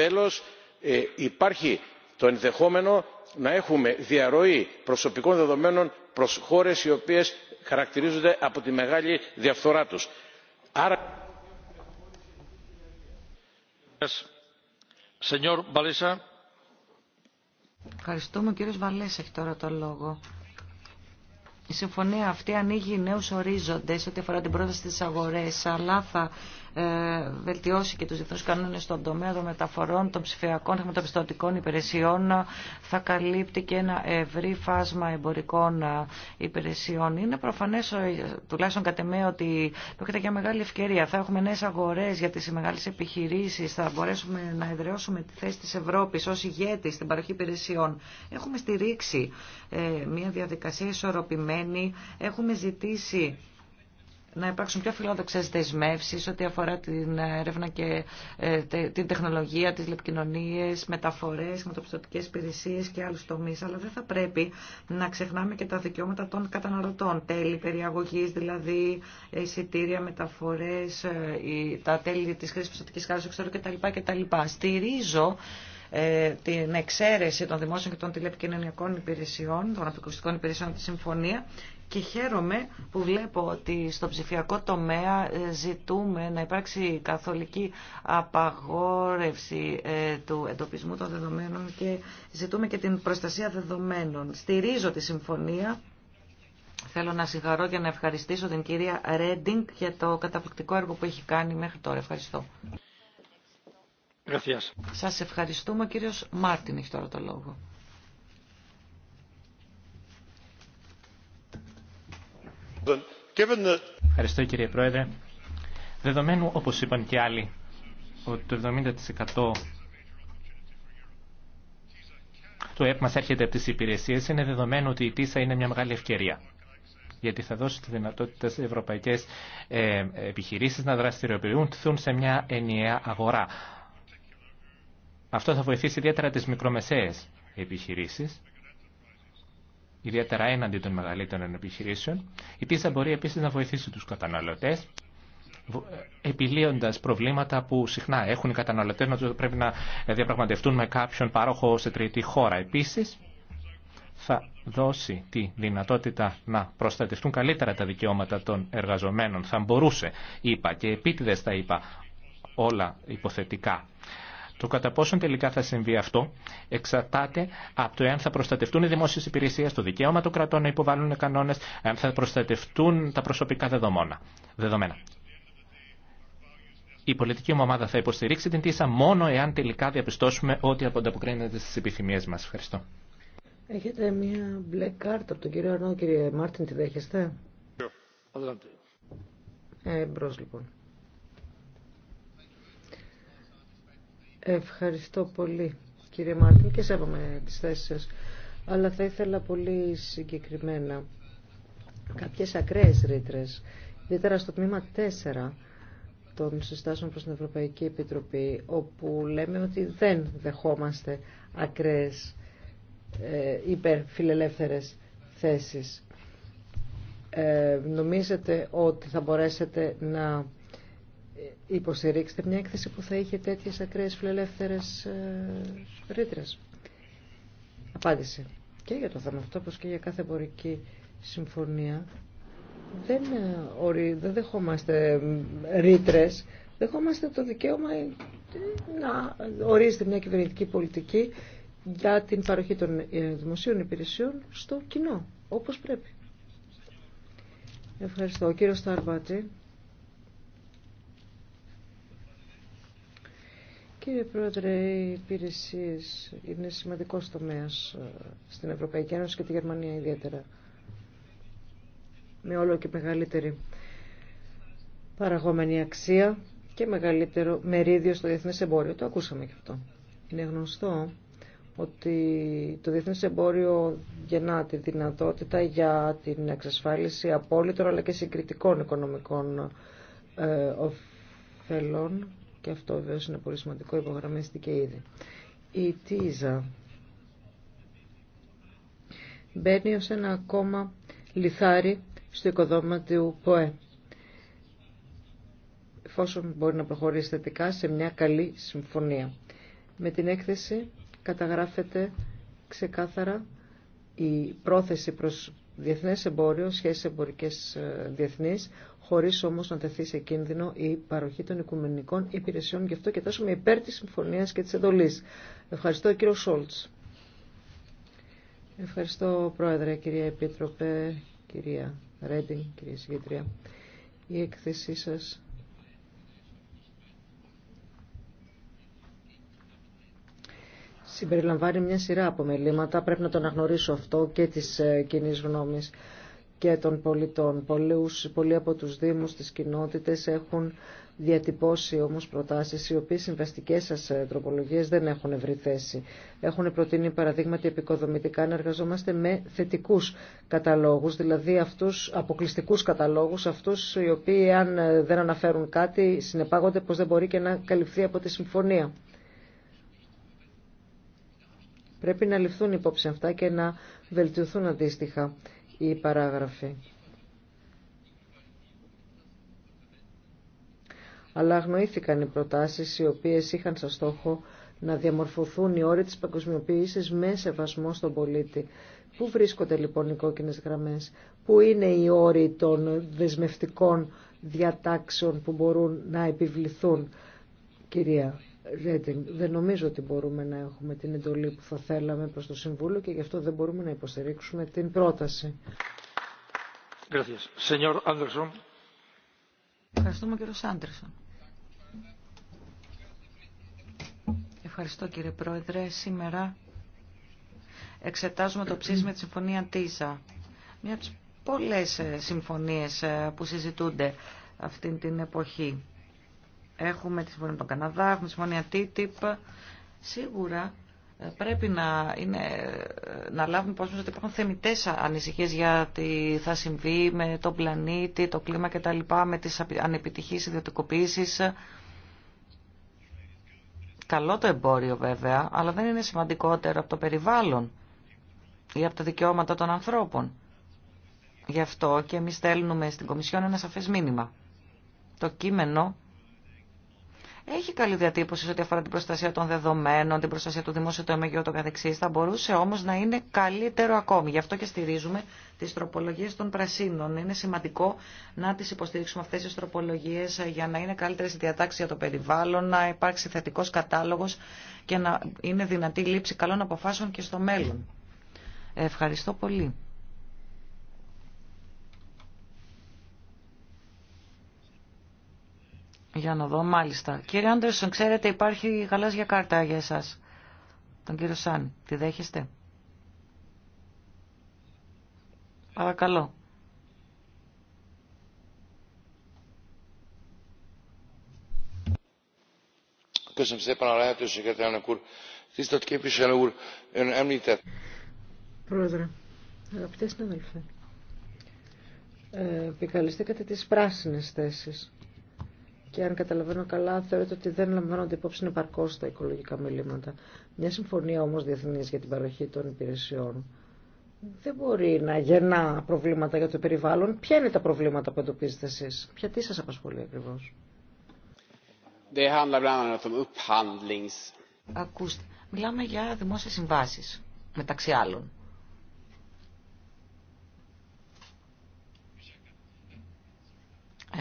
τέλος ε, υπάρχει το ενδεχόμενο να έχουμε διαρροή προσωπικών δεδομένων προς χώρες οι οποίες χαρακτηρίζονται από τη μεγάλη διαφθορά τους. Άρα... Ευχαριστούμε. Ο κύριος Βαλές έχει τώρα το λόγο. Η συμφωνία αυτή ανοίγει νέους ορίζοντες ό,τι αφορά την πρόταση στις αγορές, αλλά θα ε, βελτιώσει και τους διεθνούς κανόνες στον τομέα των μεταφορών, των ψηφιακών χρηματοπιστωτικών υπηρεσιών, θα καλύπτει και ένα ευρύ φάσμα εμπορικών ε, υπηρεσιών. Είναι προφανές, ε, τουλάχιστον κατά με, ότι πρόκειται για μεγάλη ευκαιρία. Θα έχουμε νέες αγορές για τις μεγάλες επιχειρήσεις, θα μπορέσουμε να εδραιώσουμε τη θέση της Ευρώπης ως ηγέτη στην παροχή υπηρεσιών. Έχουμε στηρίξει μια διαδικασία ισορροπημένη, έχουμε ζητήσει να υπάρξουν πιο φιλόδοξε δεσμεύσει ό,τι αφορά την έρευνα και ε, την τεχνολογία, τι λεπικοινωνίε, μεταφορέ, μεταπιστωτικές υπηρεσίε και άλλου τομεί, Αλλά δεν θα πρέπει να ξεχνάμε και τα δικαιώματα των καταναλωτών. Τέλη περιαγωγή, δηλαδή εισιτήρια, μεταφορές, ε, τα τέλη της χρήσης χάρη στο εξωτερικού κτλ. κτλ. Στηρίζω ε, την εξαίρεση των δημόσιων και των τηλεπικοινωνιακών υπηρεσιών, των αποκλειστικών υπηρεσιών τη συμφωνία και χαίρομαι που βλέπω ότι στο ψηφιακό τομέα ε, ζητούμε να υπάρξει καθολική απαγόρευση ε, του εντοπισμού των δεδομένων και ζητούμε και την προστασία δεδομένων. Στηρίζω τη συμφωνία. Θέλω να συγχαρώ και να ευχαριστήσω την κυρία Ρέντινγκ για το καταπληκτικό έργο που έχει κάνει μέχρι τώρα. Ευχαριστώ. Σα Σας ευχαριστούμε. Ο κύριος Μάρτιν έχει τώρα το λόγο. Ευχαριστώ κύριε Πρόεδρε. Δεδομένου, όπως είπαν και άλλοι, ότι το 70% του ΕΠ μας έρχεται από τις υπηρεσίες, είναι δεδομένο ότι η ΤΙΣΑ είναι μια μεγάλη ευκαιρία. Γιατί θα δώσει τη δυνατότητα σε ευρωπαϊκές ε, επιχειρήσεις να δραστηριοποιούν σε μια ενιαία αγορά. Αυτό θα βοηθήσει ιδιαίτερα τις μικρομεσαίες επιχειρήσεις ιδιαίτερα έναντι των μεγαλύτερων επιχειρήσεων. Η ΤΙΣΑ μπορεί επίση να βοηθήσει τους καταναλωτές, ε, επιλύοντας προβλήματα που συχνά έχουν οι καταναλωτές να πρέπει να διαπραγματευτούν με κάποιον πάροχο σε τρίτη χώρα. Επίσης, θα δώσει τη δυνατότητα να προστατευτούν καλύτερα τα δικαιώματα των εργαζομένων. Θα μπορούσε, είπα, και επίτηδε τα είπα όλα υποθετικά. Το κατά πόσον τελικά θα συμβεί αυτό εξαρτάται από το εάν θα προστατευτούν οι δημόσιε υπηρεσίε, το δικαίωμα των κρατών να υποβάλουν κανόνε, εάν θα προστατευτούν τα προσωπικά δεδομένα. Η πολιτική μου ομάδα θα υποστηρίξει την ΤΙΣΑ μόνο εάν τελικά διαπιστώσουμε ότι ανταποκρίνεται στι επιθυμίε μα. Ευχαριστώ. Έχετε μία μπλε κάρτα από τον κύριο Αρνό, κύριε Μάρτιν, τη δέχεστε. Ε, λοιπόν. Ευχαριστώ πολύ κύριε Μάρτιν και σέβομαι τις θέσεις σας. Αλλά θα ήθελα πολύ συγκεκριμένα κάποιες ακραίες ρήτρε, ιδιαίτερα στο τμήμα 4 των συστάσεων προς την Ευρωπαϊκή Επιτροπή, όπου λέμε ότι δεν δεχόμαστε ακραίες ε, υπερφιλελεύθερες θέσεις. Ε, νομίζετε ότι θα μπορέσετε να υποστηρίξετε μια έκθεση που θα είχε τέτοιες ακραίες φιλελεύθερες ε, ρήτρε. Απάντηση. Και για το θέμα αυτό, όπω και για κάθε εμπορική συμφωνία, δεν, ε, δεν δεχόμαστε ε, ρήτρε, δεχόμαστε το δικαίωμα να ορίζεται μια κυβερνητική πολιτική για την παροχή των δημοσίων υπηρεσιών στο κοινό, όπως πρέπει. Ευχαριστώ. Ο κύριος Κύριε Πρόεδρε, οι υπηρεσίε είναι σημαντικό τομέα ε, στην Ευρωπαϊκή Ένωση και τη Γερμανία ιδιαίτερα. Με όλο και μεγαλύτερη παραγόμενη αξία και μεγαλύτερο μερίδιο στο διεθνέ εμπόριο. Το ακούσαμε και αυτό. Είναι γνωστό ότι το διεθνές εμπόριο γεννά τη δυνατότητα για την εξασφάλιση απόλυτων αλλά και συγκριτικών οικονομικών ε, ωφελών και αυτό βέβαια είναι πολύ σημαντικό, υπογραμμίστηκε ήδη. Η ΤΙΖΑ μπαίνει ως ένα ακόμα λιθάρι στο οικοδόμα του ΠΟΕ εφόσον μπορεί να προχωρήσει θετικά σε μια καλή συμφωνία. Με την έκθεση καταγράφεται ξεκάθαρα η πρόθεση προς διεθνές εμπόριο, σχέσεις εμπορικές ε, διεθνείς, χωρίς όμως να τεθεί σε κίνδυνο η παροχή των οικουμενικών υπηρεσιών. Γι' αυτό και με υπέρ της συμφωνίας και της εντολής. Ευχαριστώ κύριο Σόλτ. Ευχαριστώ Πρόεδρε, κυρία Επίτροπε, κυρία Ρέντιν, κυρία Συγκεντρία. Η έκθεσή σας συμπεριλαμβάνει μια σειρά από μελήματα, πρέπει να το αναγνωρίσω αυτό και της ε, κοινή γνώμης και των πολιτών. Πολλούς, πολλοί από τους Δήμους, τις κοινότητες έχουν διατυπώσει όμως προτάσεις οι οποίες συμβαστικές σας ε, τροπολογίες δεν έχουν βρει θέση. Έχουν προτείνει παραδείγματι επικοδομητικά να εργαζόμαστε με θετικούς καταλόγους, δηλαδή αυτούς, αποκλειστικούς καταλόγους, αυτούς οι οποίοι αν ε, δεν αναφέρουν κάτι συνεπάγονται πως δεν μπορεί και να καλυφθεί από τη συμφωνία. Πρέπει να ληφθούν υπόψη αυτά και να βελτιωθούν αντίστοιχα οι παράγραφη. Αλλά αγνοήθηκαν οι προτάσεις οι οποίες είχαν σαν στόχο να διαμορφωθούν οι όροι της παγκοσμιοποίησης με σεβασμό στον πολίτη. Πού βρίσκονται λοιπόν οι κόκκινες γραμμές, πού είναι οι όροι των δεσμευτικών διατάξεων που μπορούν να επιβληθούν, κυρία δεν νομίζω ότι μπορούμε να έχουμε την εντολή που θα θέλαμε προς το Συμβούλιο και γι' αυτό δεν μπορούμε να υποστηρίξουμε την πρόταση. Ευχαριστώ κύριε Πρόεδρε. Σήμερα εξετάζουμε το ψήσιμο τη Συμφωνία Τίζα. Μια από τις πολλές ε, συμφωνίες ε, που συζητούνται αυτή την εποχή. Έχουμε τη συμφωνία με τον Καναδά, έχουμε τη συμφωνία TTIP. Σίγουρα ε, πρέπει να, είναι, ε, να λάβουμε υπόψη ότι υπάρχουν θεμητέ ανησυχίε για τι θα συμβεί με τον πλανήτη, το κλίμα κτλ. με τι ανεπιτυχεί ιδιωτικοποιήσει. Καλό το εμπόριο βέβαια, αλλά δεν είναι σημαντικότερο από το περιβάλλον ή από τα δικαιώματα των ανθρώπων. Γι' αυτό και εμεί στέλνουμε στην Κομισιόν ένα σαφές μήνυμα. Το κείμενο έχει καλή διατύπωση σε ό,τι αφορά την προστασία των δεδομένων, την προστασία του δημόσιου τομέα και το καθεξής. Θα μπορούσε όμως να είναι καλύτερο ακόμη. Γι' αυτό και στηρίζουμε τις τροπολογίες των πρασίνων. Είναι σημαντικό να τις υποστηρίξουμε αυτές τις τροπολογίες για να είναι καλύτερες οι διατάξεις για το περιβάλλον, να υπάρξει θετικός κατάλογος και να είναι δυνατή λήψη καλών αποφάσεων και στο μέλλον. Ευχαριστώ πολύ. Για να δω, μάλιστα. Κύριε Άντερσον, ξέρετε υπάρχει γαλάζια κάρτα για εσάς. Τον κύριο Σάν, τη δέχεστε. Παρακαλώ. Πρόεδρε, αγαπητέ συναδελφέ, ε, επικαλεστήκατε τις πράσινες θέσεις και αν καταλαβαίνω καλά θεωρείται ότι δεν λαμβάνονται υπόψη επαρκώ τα οικολογικά μιλήματα. Μια συμφωνία όμως διεθνή για την παροχή των υπηρεσιών δεν μπορεί να γεννά προβλήματα για το περιβάλλον. Ποια είναι τα προβλήματα που εντοπίζετε εσεί, ποια τι σας απασχολεί ακριβώς. Ακούστε, μιλάμε για δημόσιε συμβάσει μεταξύ άλλων.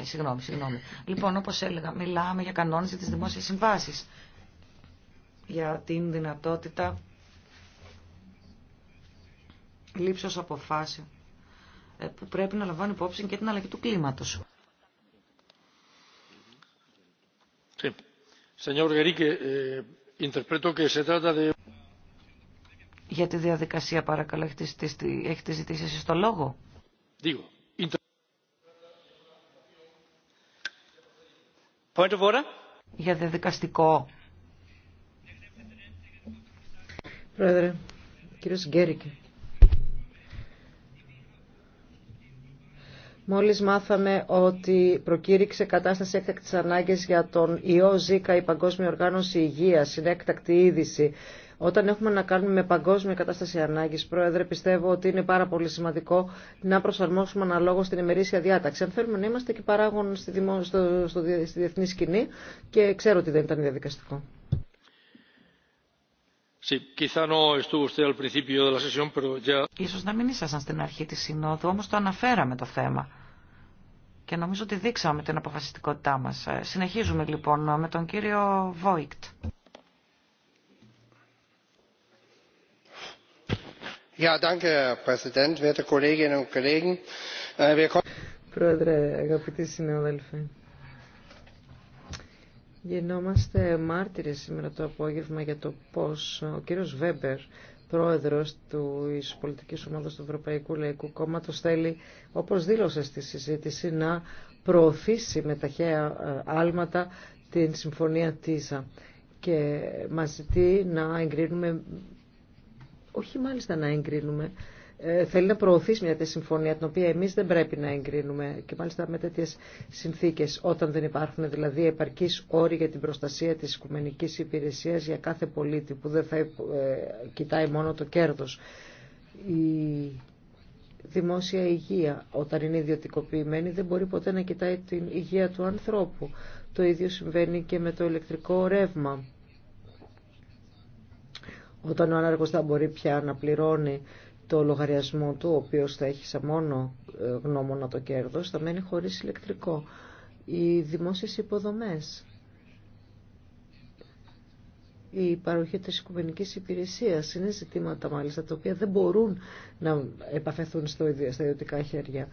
συγγνώμη, συγγνώμη. Λοιπόν, όπω έλεγα, μιλάμε για κανόνε για τι δημόσιε συμβάσει. Για την δυνατότητα λήψεω αποφάσεων ε, που πρέπει να λαμβάνει υπόψη και την αλλαγή του κλίματος. Eh, για τη διαδικασία, παρακαλώ, έχετε ζητήσει εσείς το λόγο. Για διαδικαστικό. Πρόεδρε, κύριος Γκέρικ. Μόλις μάθαμε ότι προκήρυξε κατάσταση έκτακτης ανάγκης για τον ιό ΖΙΚΑ η Παγκόσμια Οργάνωση Υγείας, είναι έκτακτη είδηση όταν έχουμε να κάνουμε με παγκόσμια κατάσταση ανάγκη Πρόεδρε, πιστεύω ότι είναι πάρα πολύ σημαντικό να προσαρμόσουμε αναλόγω την ημερήσια διάταξη. Αν θέλουμε να είμαστε και παράγον στη, δημο... στο... Στο... στη διεθνή σκηνή και ξέρω ότι δεν ήταν διαδικαστικό. Ίσως να μην ήσασταν στην αρχή της Συνόδου, όμως το αναφέραμε το θέμα. Και νομίζω ότι δείξαμε την αποφασιστικότητά μας. Ε, συνεχίζουμε λοιπόν με τον κύριο Βόικτ. herr präsident werte kolleginnen und kollegen! Äh, πρόεδρε αγαπητοί συνάδελφοι γινόμαστε μάρτυρες σήμερα το απόγευμα για το πώς ο κύριος Βέμπερ πρόεδρος της πολιτικής ομάδας του Ευρωπαϊκού Λαϊκού Κόμματος θέλει όπως δήλωσε στη συζήτηση να προωθήσει με ταχαία ε, άλματα την συμφωνία ΤΙΖΑ και μαζί να εγκρίνουμε όχι μάλιστα να εγκρίνουμε. Ε, θέλει να προωθήσει μια τέτοια συμφωνία την οποία εμείς δεν πρέπει να εγκρίνουμε και μάλιστα με τέτοιες συνθήκες όταν δεν υπάρχουν δηλαδή επαρκείς όροι για την προστασία της οικουμενικής υπηρεσίας για κάθε πολίτη που δεν θα ε, κοιτάει μόνο το κέρδος. Η δημόσια υγεία όταν είναι ιδιωτικοποιημένη δεν μπορεί ποτέ να κοιτάει την υγεία του ανθρώπου. Το ίδιο συμβαίνει και με το ηλεκτρικό ρεύμα όταν ο άνεργος θα μπορεί πια να πληρώνει το λογαριασμό του, ο οποίος θα έχει σε μόνο ε, γνώμονα το κέρδος, θα μένει χωρίς ηλεκτρικό. Οι δημόσιες υποδομές η παροχή της οικουμενικής υπηρεσίας. Είναι ζητήματα μάλιστα τα οποία δεν μπορούν να επαφεθούν στο στα ιδιωτικά χέρια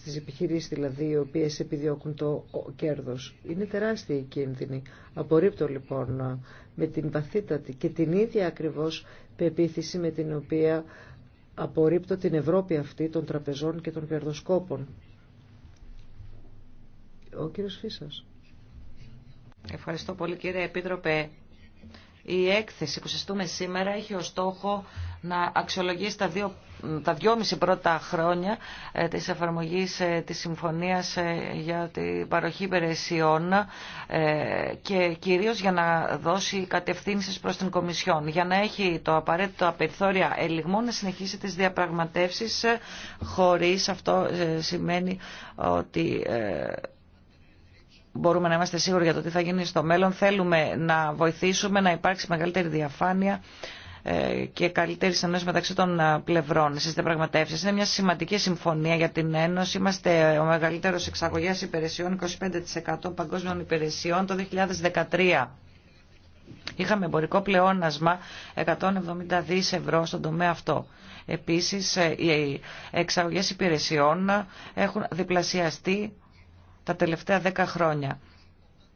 στις επιχειρήσεις δηλαδή οι οποίες επιδιώκουν το κέρδος. Είναι τεράστια η κίνδυνη. Απορρίπτω λοιπόν με την βαθύτατη και την ίδια ακριβώς πεποίθηση με την οποία απορρίπτω την Ευρώπη αυτή των τραπεζών και των κερδοσκόπων. Ο κύριος Φίσας. Ευχαριστώ πολύ κύριε Επίτροπε. Η έκθεση που συστούμε σήμερα έχει ως στόχο να αξιολογήσει τα, δύο, τα δυόμιση πρώτα χρόνια ε, της εφαρμογής ε, της Συμφωνίας ε, για την παροχή υπηρεσιών και κυρίως για να δώσει κατευθύνσεις προς την Κομισιόν, για να έχει το απαραίτητο απεριθώρια ελιγμό να συνεχίσει τις διαπραγματεύσεις χωρίς αυτό σημαίνει ότι μπορούμε να είμαστε σίγουροι για το τι θα γίνει στο μέλλον. Θέλουμε να βοηθήσουμε να υπάρξει μεγαλύτερη διαφάνεια ε, και καλύτερη συνεννόηση μεταξύ των ε, πλευρών στι διαπραγματεύσει. Είναι μια σημαντική συμφωνία για την Ένωση. Είμαστε ο μεγαλύτερο εξαγωγέα υπηρεσιών, 25% παγκόσμιων υπηρεσιών το 2013. Είχαμε εμπορικό πλεόνασμα 170 δις ευρώ στον τομέα αυτό. Επίσης, ε, οι εξαγωγές υπηρεσιών έχουν διπλασιαστεί τα τελευταία δέκα χρόνια.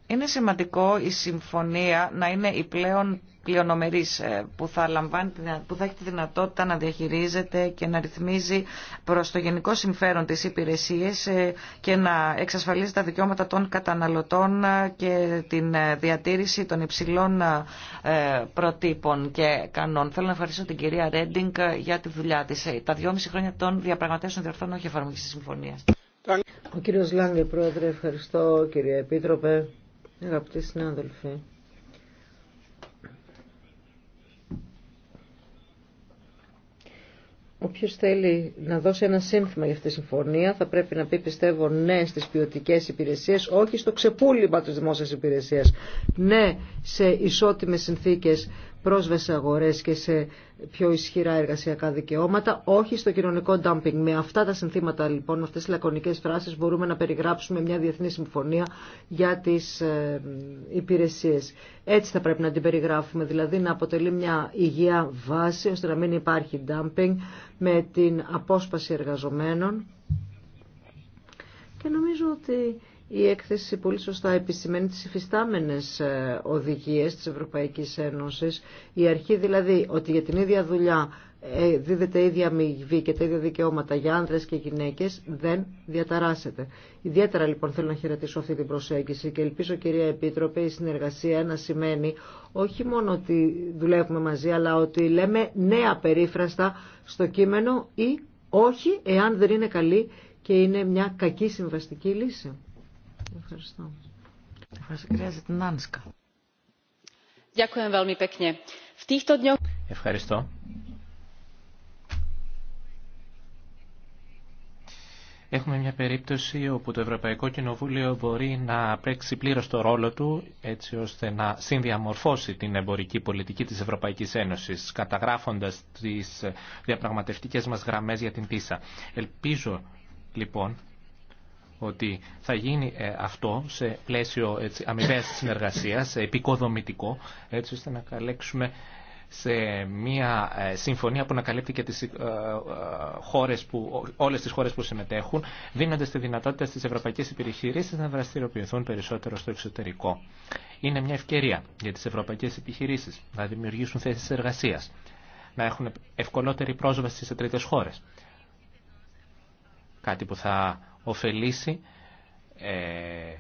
Είναι σημαντικό η συμφωνία να είναι η πλέον πλειονομερής ε, που θα, λαμβάνει, που θα έχει τη δυνατότητα να διαχειρίζεται και να ρυθμίζει προς το γενικό συμφέρον της υπηρεσίας ε, και να εξασφαλίζει τα δικαιώματα των καταναλωτών ε, και την διατήρηση των υψηλών προτύπων και κανόν. Θέλω να ευχαριστήσω την κυρία Ρέντινγκ για τη δουλειά της. Τα δυόμιση χρόνια των διαπραγματεύσεων διορθών όχι εφαρμογής της συμφωνίας. Ο κύριος Λάγκε, πρόεδρε, ευχαριστώ κύριε Επίτροπε, αγαπητοί συνάδελφοι. Όποιος θέλει να δώσει ένα σύνθημα για αυτή τη συμφωνία θα πρέπει να πει πιστεύω ναι στις ποιοτικέ υπηρεσίες, όχι στο ξεπούλημα της δημόσιας υπηρεσίας. Ναι σε ισότιμες συνθήκες πρόσβαση αγορές και σε πιο ισχυρά εργασιακά δικαιώματα, όχι στο κοινωνικό ντάμπινγκ. Με αυτά τα συνθήματα λοιπόν, αυτές τις λακωνικές φράσεις μπορούμε να περιγράψουμε μια διεθνή συμφωνία για τις ε, υπηρεσίες. Έτσι θα πρέπει να την περιγράφουμε, δηλαδή να αποτελεί μια υγεία βάση ώστε να μην υπάρχει dumping με την απόσπαση εργαζομένων. Και νομίζω ότι η έκθεση πολύ σωστά επισημαίνει τις υφιστάμενες ε, οδηγίες της Ευρωπαϊκής Ένωσης. Η αρχή δηλαδή ότι για την ίδια δουλειά ε, δίδεται ίδια αμοιβή και τα ίδια δικαιώματα για άνδρες και γυναίκες δεν διαταράσσεται. Ιδιαίτερα λοιπόν θέλω να χαιρετήσω αυτή την προσέγγιση και ελπίζω κυρία Επίτροπε η συνεργασία να σημαίνει όχι μόνο ότι δουλεύουμε μαζί αλλά ότι λέμε νέα περίφραστα στο κείμενο ή όχι εάν δεν είναι καλή και είναι μια κακή συμβαστική λύση. Ευχαριστώ. Ευχαριστώ Ευχαριστώ. Έχουμε μια περίπτωση όπου το Ευρωπαϊκό Κοινοβούλιο μπορεί να παίξει πλήρω το ρόλο του έτσι ώστε να συνδιαμορφώσει την εμπορική πολιτική της Ευρωπαϊκής Ένωσης καταγράφοντας τις διαπραγματευτικές μας γραμμές για την ΤΙΣΑ. Ελπίζω λοιπόν ότι θα γίνει ε, αυτό σε πλαίσιο έτσι, αμοιβαίας συνεργασίας, επικοδομητικό, έτσι ώστε να καλέξουμε σε μια ε, συμφωνία που να και τις ε, χώρες που, όλες τις χώρες που συμμετέχουν, δίνοντας τη δυνατότητα στις ευρωπαϊκές επιχειρήσεις να δραστηριοποιηθούν περισσότερο στο εξωτερικό. Είναι μια ευκαιρία για τις ευρωπαϊκές επιχειρήσεις να δημιουργήσουν θέσεις εργασίας, να έχουν ευκολότερη πρόσβαση σε τρίτες χώρες. Κάτι που θα ωφελήσει ε,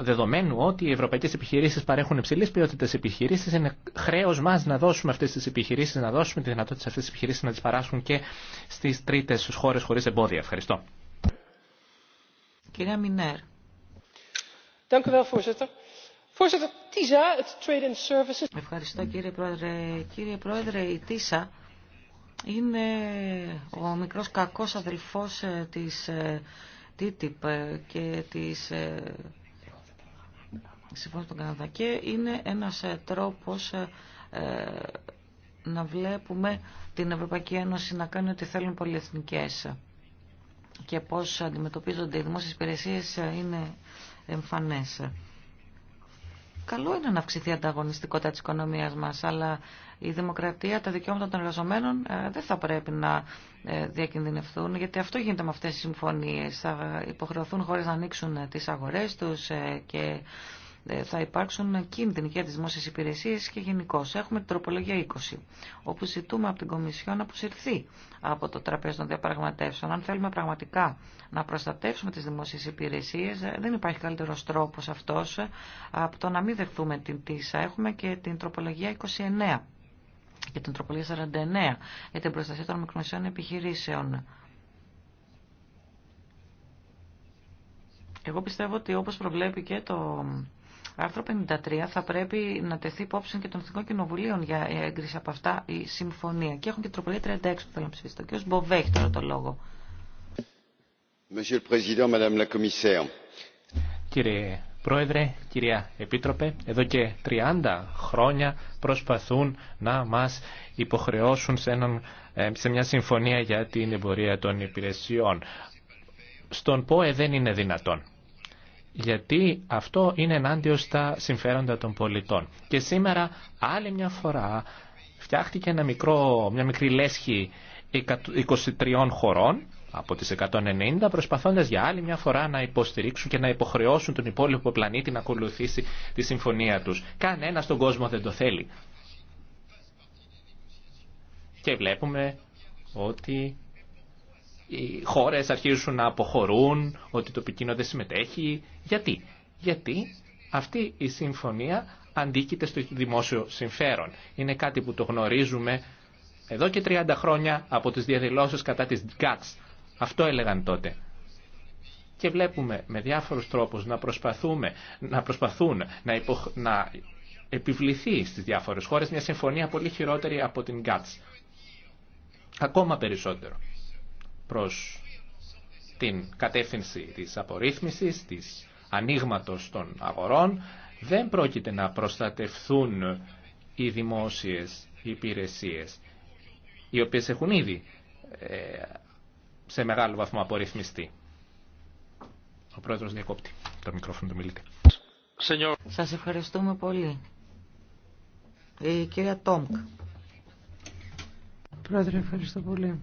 δεδομένου ότι οι ευρωπαϊκές επιχειρήσεις παρέχουν υψηλής ποιότητας επιχειρήσεις, είναι χρέος μας να δώσουμε αυτές τις επιχειρήσεις, να δώσουμε τη δυνατότητα σε αυτές τις επιχειρήσεις να τις παράσχουν και στις τρίτες χώρες χωρίς εμπόδια. Ευχαριστώ. Κυρία Μινέρ. Ευχαριστώ κύριε Πρόεδρε. Κύριε Πρόεδρε, η είναι ο μικρός κακός αδελφός ε, της ε, TTIP ε, και της Συμφωνίας των Καναδά και είναι ένας τρόπος να βλέπουμε την Ευρωπαϊκή Ένωση να κάνει ό,τι θέλουν πολυεθνικές και πώς αντιμετωπίζονται οι δημόσιες υπηρεσίες είναι εμφανές. Καλό είναι να αυξηθεί η ανταγωνιστικότητα της οικονομίας μας, αλλά η δημοκρατία, τα δικαιώματα των εργαζομένων ε, δεν θα πρέπει να ε, διακινδυνευτούν γιατί αυτό γίνεται με αυτές τις συμφωνίες. Θα υποχρεωθούν χώρες να ανοίξουν ε, τις αγορές τους και ε, θα υπάρξουν κίνδυνοι για τι δημόσιε υπηρεσίε και γενικώ. Έχουμε την τροπολογία 20, όπου ζητούμε από την Κομισιόν να αποσυρθεί από το τραπέζι των διαπραγματεύσεων. Αν θέλουμε πραγματικά να προστατεύσουμε τι δημόσιε υπηρεσίε. Ε, δεν υπάρχει καλύτερο τρόπο αυτό. Ε, από το να μην δεχθούμε την ΤΙΣΑ. Έχουμε και την τροπολογία 29 και την τροπολογία 49 για την προστασία των μικρομεσαίων επιχειρήσεων. Εγώ πιστεύω ότι όπως προβλέπει και το Άρθρο 53 θα πρέπει να τεθεί υπόψη και των Εθνικών Κοινοβουλίων για έγκριση από αυτά η συμφωνία. Και έχουν και τροπολογία 36 που θέλουν να ψηφίσω. Ο κ. Μποβέ έχει το λόγο. Κύριε Πρόεδρε, κυρία Επίτροπε, εδώ και 30 χρόνια προσπαθούν να μας υποχρεώσουν σε, ε, σε μια συμφωνία για την εμπορία των υπηρεσιών. Στον ΠΟΕ δεν είναι δυνατόν γιατί αυτό είναι ενάντια στα συμφέροντα των πολιτών. Και σήμερα άλλη μια φορά φτιάχτηκε ένα μικρό, μια μικρή λέσχη 23 χωρών από τις 190 προσπαθώντας για άλλη μια φορά να υποστηρίξουν και να υποχρεώσουν τον υπόλοιπο πλανήτη να ακολουθήσει τη συμφωνία τους. Κανένα στον κόσμο δεν το θέλει. Και βλέπουμε ότι οι χώρε αρχίζουν να αποχωρούν, ότι το Πεκίνο δεν συμμετέχει. Γιατί? Γιατί αυτή η συμφωνία αντίκειται στο δημόσιο συμφέρον. Είναι κάτι που το γνωρίζουμε εδώ και 30 χρόνια από τις διαδηλώσεις κατά της ΓΚΑΤΣ. Αυτό έλεγαν τότε. Και βλέπουμε με διάφορους τρόπους να, προσπαθούμε, να προσπαθούν να, να επιβληθεί στις διάφορες χώρες μια συμφωνία πολύ χειρότερη από την ΓΚΑΤΣ. Ακόμα περισσότερο προς την κατεύθυνση της απορρίθμισης, της ανοίγματο των αγορών, δεν πρόκειται να προστατευθούν οι δημόσιες υπηρεσίες, οι οποίες έχουν ήδη ε, σε μεγάλο βαθμό απορριθμιστεί. Ο πρόεδρος διακόπτει το μικρόφωνο του μιλήτη. Σας ευχαριστούμε πολύ. Η κυρία Τόμκ. Πρόεδρε, ευχαριστώ πολύ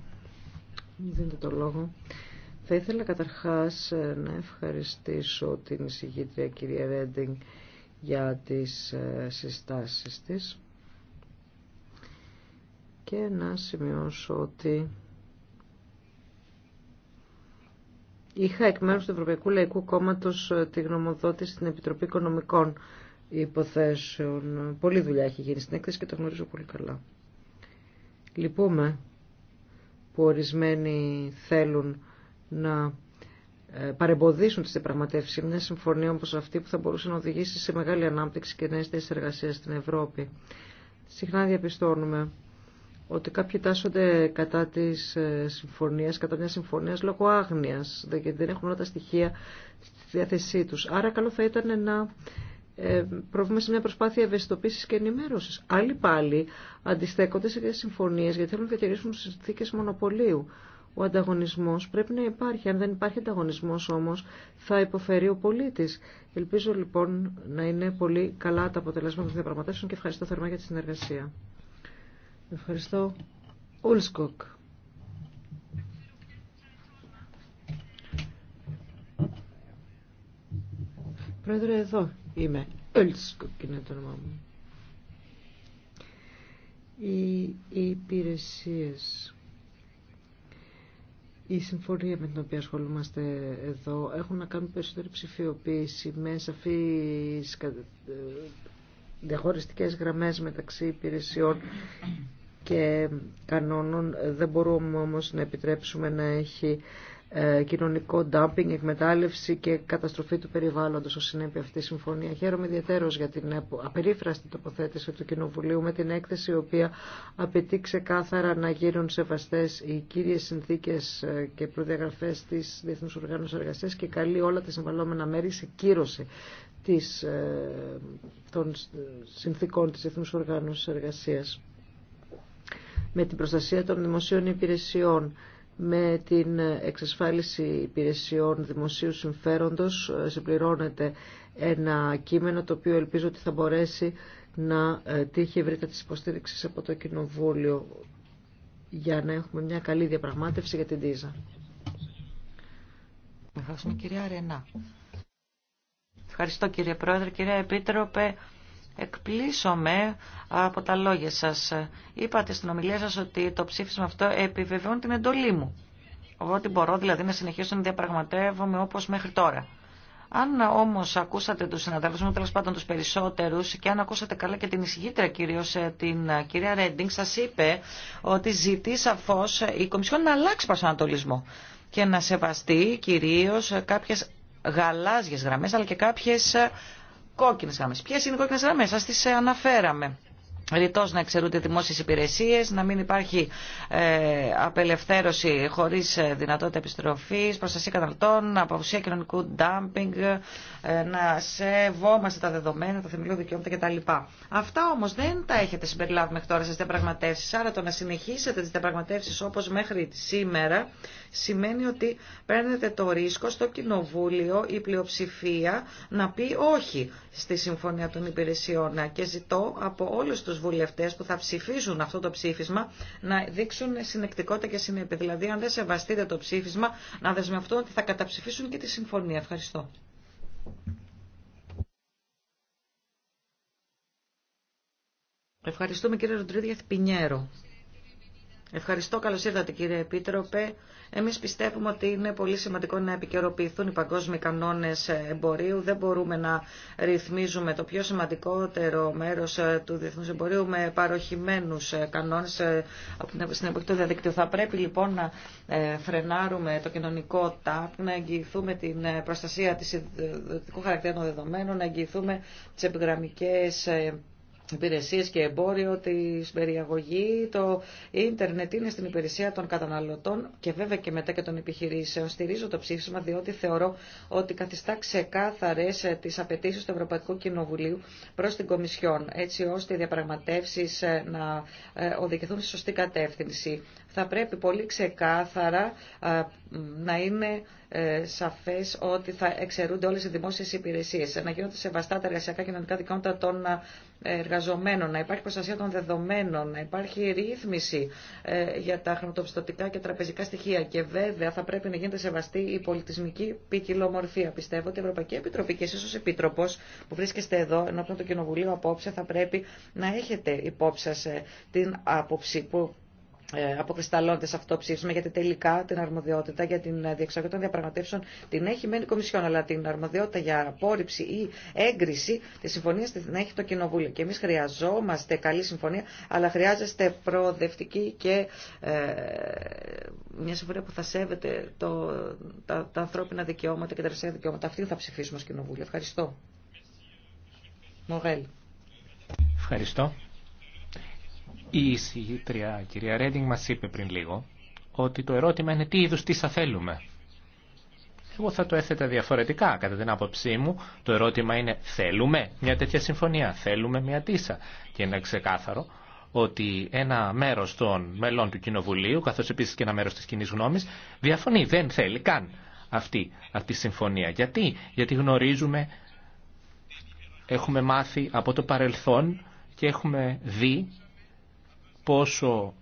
το λόγο. Θα ήθελα καταρχάς ε, να ευχαριστήσω την εισηγήτρια κυρία Ρέντινγκ για τις ε, συστάσεις της και να σημειώσω ότι είχα εκ μέρους του Ευρωπαϊκού Λαϊκού Κόμματος ε, τη γνωμοδότηση στην Επιτροπή Οικονομικών Υποθέσεων. Πολύ δουλειά έχει γίνει στην έκθεση και το γνωρίζω πολύ καλά. Λυπούμε που ορισμένοι θέλουν να ε, παρεμποδίσουν τις διαπραγματεύσεις μια συμφωνία όπως αυτή που θα μπορούσε να οδηγήσει σε μεγάλη ανάπτυξη και νέες θέσεις εργασία στην Ευρώπη. Συχνά διαπιστώνουμε ότι κάποιοι τάσσονται κατά της ε, συμφωνίας, κατά μια συμφωνίας λόγω άγνοιας, γιατί δεν έχουν όλα τα στοιχεία στη διάθεσή τους. Άρα καλό θα ήταν να ε, προβούμε σε μια προσπάθεια ευαισθητοποίηση και ενημέρωση. Άλλοι πάλι αντιστέκονται σε συμφωνίε γιατί θέλουν να διατηρήσουν συνθήκε μονοπωλίου. Ο ανταγωνισμό πρέπει να υπάρχει. Αν δεν υπάρχει ανταγωνισμό όμω, θα υποφέρει ο πολίτη. Ελπίζω λοιπόν να είναι πολύ καλά τα αποτελέσματα των διαπραγματεύσεων και ευχαριστώ θερμά για τη συνεργασία. Ευχαριστώ. Ουλσκοκ. Πρόεδρε, εδώ Είμαι Ölskog είναι το όνομά μου. Οι υπηρεσίε, η συμφωνία με την οποία ασχολούμαστε εδώ έχουν να κάνουν περισσότερη ψηφιοποίηση με σαφείς ε, διαχωριστικές γραμμές μεταξύ υπηρεσιών και κανόνων. Δεν μπορούμε όμως να επιτρέψουμε να έχει ε, κοινωνικό ντάμπινγκ, εκμετάλλευση και καταστροφή του περιβάλλοντος ω συνέπεια αυτή η συμφωνία. Χαίρομαι ιδιαίτερω για την απερίφραστη τοποθέτηση του Κοινοβουλίου με την έκθεση η οποία απαιτεί ξεκάθαρα να γίνουν σεβαστές οι κύριες συνθήκες ε, και προδιαγραφέ της διεθνού Οργάνωσης εργασία και καλεί όλα τα συμβαλόμενα μέρη σε κύρωση της, ε, των συνθήκων της ΔΕΕ Οργάνωσης με την προστασία των δημοσίων υπηρεσιών με την εξασφάλιση υπηρεσιών δημοσίου συμφέροντος ε, συμπληρώνεται ένα κείμενο το οποίο ελπίζω ότι θα μπορέσει να ε, τύχει της υποστήριξη από το Κοινοβούλιο για να έχουμε μια καλή διαπραγμάτευση για την ΤΙΖΑ. Ευχαριστώ κυρία κύριε Πρόεδρε, κυρία Επίτροπε. Εκπλήσωμαι από τα λόγια σας. Είπατε στην ομιλία σας ότι το ψήφισμα αυτό επιβεβαιώνει την εντολή μου. Ότι μπορώ δηλαδή να συνεχίσω να διαπραγματεύομαι όπως μέχρι τώρα. Αν όμως ακούσατε τους συναδέλφους μου, τέλος πάντων τους περισσότερους και αν ακούσατε καλά και την εισηγήτρια κυρίως ε, την ε, κυρία Ρέντινγκ, σας είπε ότι ζητεί σαφώ ε, η Κομισιόν να αλλάξει προσανατολισμό και να σεβαστεί κυρίως κάποιες γαλάζιες γραμμές αλλά και κάποιες Κόκκινε γραμμέ. Ποιε είναι οι κόκκινε γραμμέ, σα τι ε, αναφέραμε. Ρητό να εξαιρούνται δημόσιε υπηρεσίε, να μην υπάρχει ε, απελευθέρωση χωρί ε, δυνατότητα επιστροφή, προστασία καταναλωτών, αποουσία κοινωνικού ντάμπινγκ, ε, να σεβόμαστε τα δεδομένα, τα θεμελιώδη δικαιώματα κτλ. Αυτά όμω δεν τα έχετε συμπεριλάβει μέχρι τώρα στι διαπραγματεύσει. άρα το να συνεχίσετε τι διαπραγματεύσει όπω μέχρι σήμερα σημαίνει ότι παίρνετε το ρίσκο στο Κοινοβούλιο η πλειοψηφία να πει όχι στη Συμφωνία των Υπηρεσιών και ζητώ από όλους τους βουλευτές που θα ψηφίζουν αυτό το ψήφισμα να δείξουν συνεκτικότητα και συνέπεια. Δηλαδή αν δεν σεβαστείτε το ψήφισμα να δεσμευτούν ότι θα καταψηφίσουν και τη Συμφωνία. Ευχαριστώ. Ευχαριστούμε κύριε Ροντρίδια Πινιέρο. Ευχαριστώ, καλώς ήρθατε κύριε Επίτροπε. Εμείς πιστεύουμε ότι είναι πολύ σημαντικό να επικαιροποιηθούν οι παγκόσμιοι κανόνες εμπορίου. Δεν μπορούμε να ρυθμίζουμε το πιο σημαντικότερο μέρος ε, του διεθνούς εμπορίου με παροχημένους ε, κανόνες ε, στην εποχή του διαδικτύου. Θα πρέπει λοιπόν να φρενάρουμε το κοινωνικό τάπ, να εγγυηθούμε την προστασία της ιδιωτικού χαρακτήρα των δεδομένων, να εγγυηθούμε τις επιγραμμικές υπηρεσίες και εμπόριο, τη περιαγωγή, το ίντερνετ είναι στην υπηρεσία των καταναλωτών και βέβαια και μετά και των επιχειρήσεων. Στηρίζω το ψήφισμα διότι θεωρώ ότι καθιστά ξεκάθαρε ε, τι απαιτήσει του Ευρωπαϊκού Κοινοβουλίου προ την Κομισιόν, έτσι ώστε οι διαπραγματεύσει ε, να ε, οδηγηθούν στη σωστή κατεύθυνση. Θα πρέπει πολύ ξεκάθαρα να είναι σαφέ ότι θα εξαιρούνται όλε οι δημόσιε υπηρεσίε, να γίνονται σεβαστά τα εργασιακά κοινωνικά δικαιώματα των εργαζομένων, να υπάρχει προστασία των δεδομένων, να υπάρχει ρύθμιση ε, για τα χρηματοπιστωτικά και τραπεζικά στοιχεία. Και βέβαια θα πρέπει να γίνεται σεβαστή η πολιτισμική ποικιλομορφία. Πιστεύω ότι η Ευρωπαϊκή Επιτροπή και εσεί ω Επίτροπο που βρίσκεστε εδώ ενώπιον του Κοινοβουλίου απόψε θα πρέπει να έχετε υπόψη σα ε, την άποψη που ε, αποκρισταλώνεται σε αυτό το ψήφισμα, γιατί τελικά την αρμοδιότητα για την διεξαγωγή των διαπραγματεύσεων την έχει μένει η Κομισιόν, αλλά την αρμοδιότητα για απόρριψη ή έγκριση τη συμφωνία την έχει το Κοινοβούλιο. Και εμεί χρειαζόμαστε καλή συμφωνία, αλλά χρειάζεστε προοδευτική και ε, μια συμφωνία που θα σέβεται το, τα, τα ανθρώπινα δικαιώματα και τα ρεσαία δικαιώματα. Αυτή θα ψηφίσουμε ω Κοινοβούλιο. Ευχαριστώ. Μογέλ. Ευχαριστώ. Η εισηγήτρια κυρία Ρέντινγκ μας είπε πριν λίγο ότι το ερώτημα είναι τι είδους τίσα θέλουμε. Εγώ θα το έθετα διαφορετικά κατά την άποψή μου. Το ερώτημα είναι θέλουμε μια τέτοια συμφωνία, θέλουμε μια τίσα. Και είναι ξεκάθαρο ότι ένα μέρος των μελών του Κοινοβουλίου, καθώς επίσης και ένα μέρος της κοινή γνώμης, διαφωνεί, δεν θέλει καν αυτή, αυτή τη συμφωνία. Γιατί? Γιατί γνωρίζουμε, έχουμε μάθει από το παρελθόν και έχουμε δει πόσο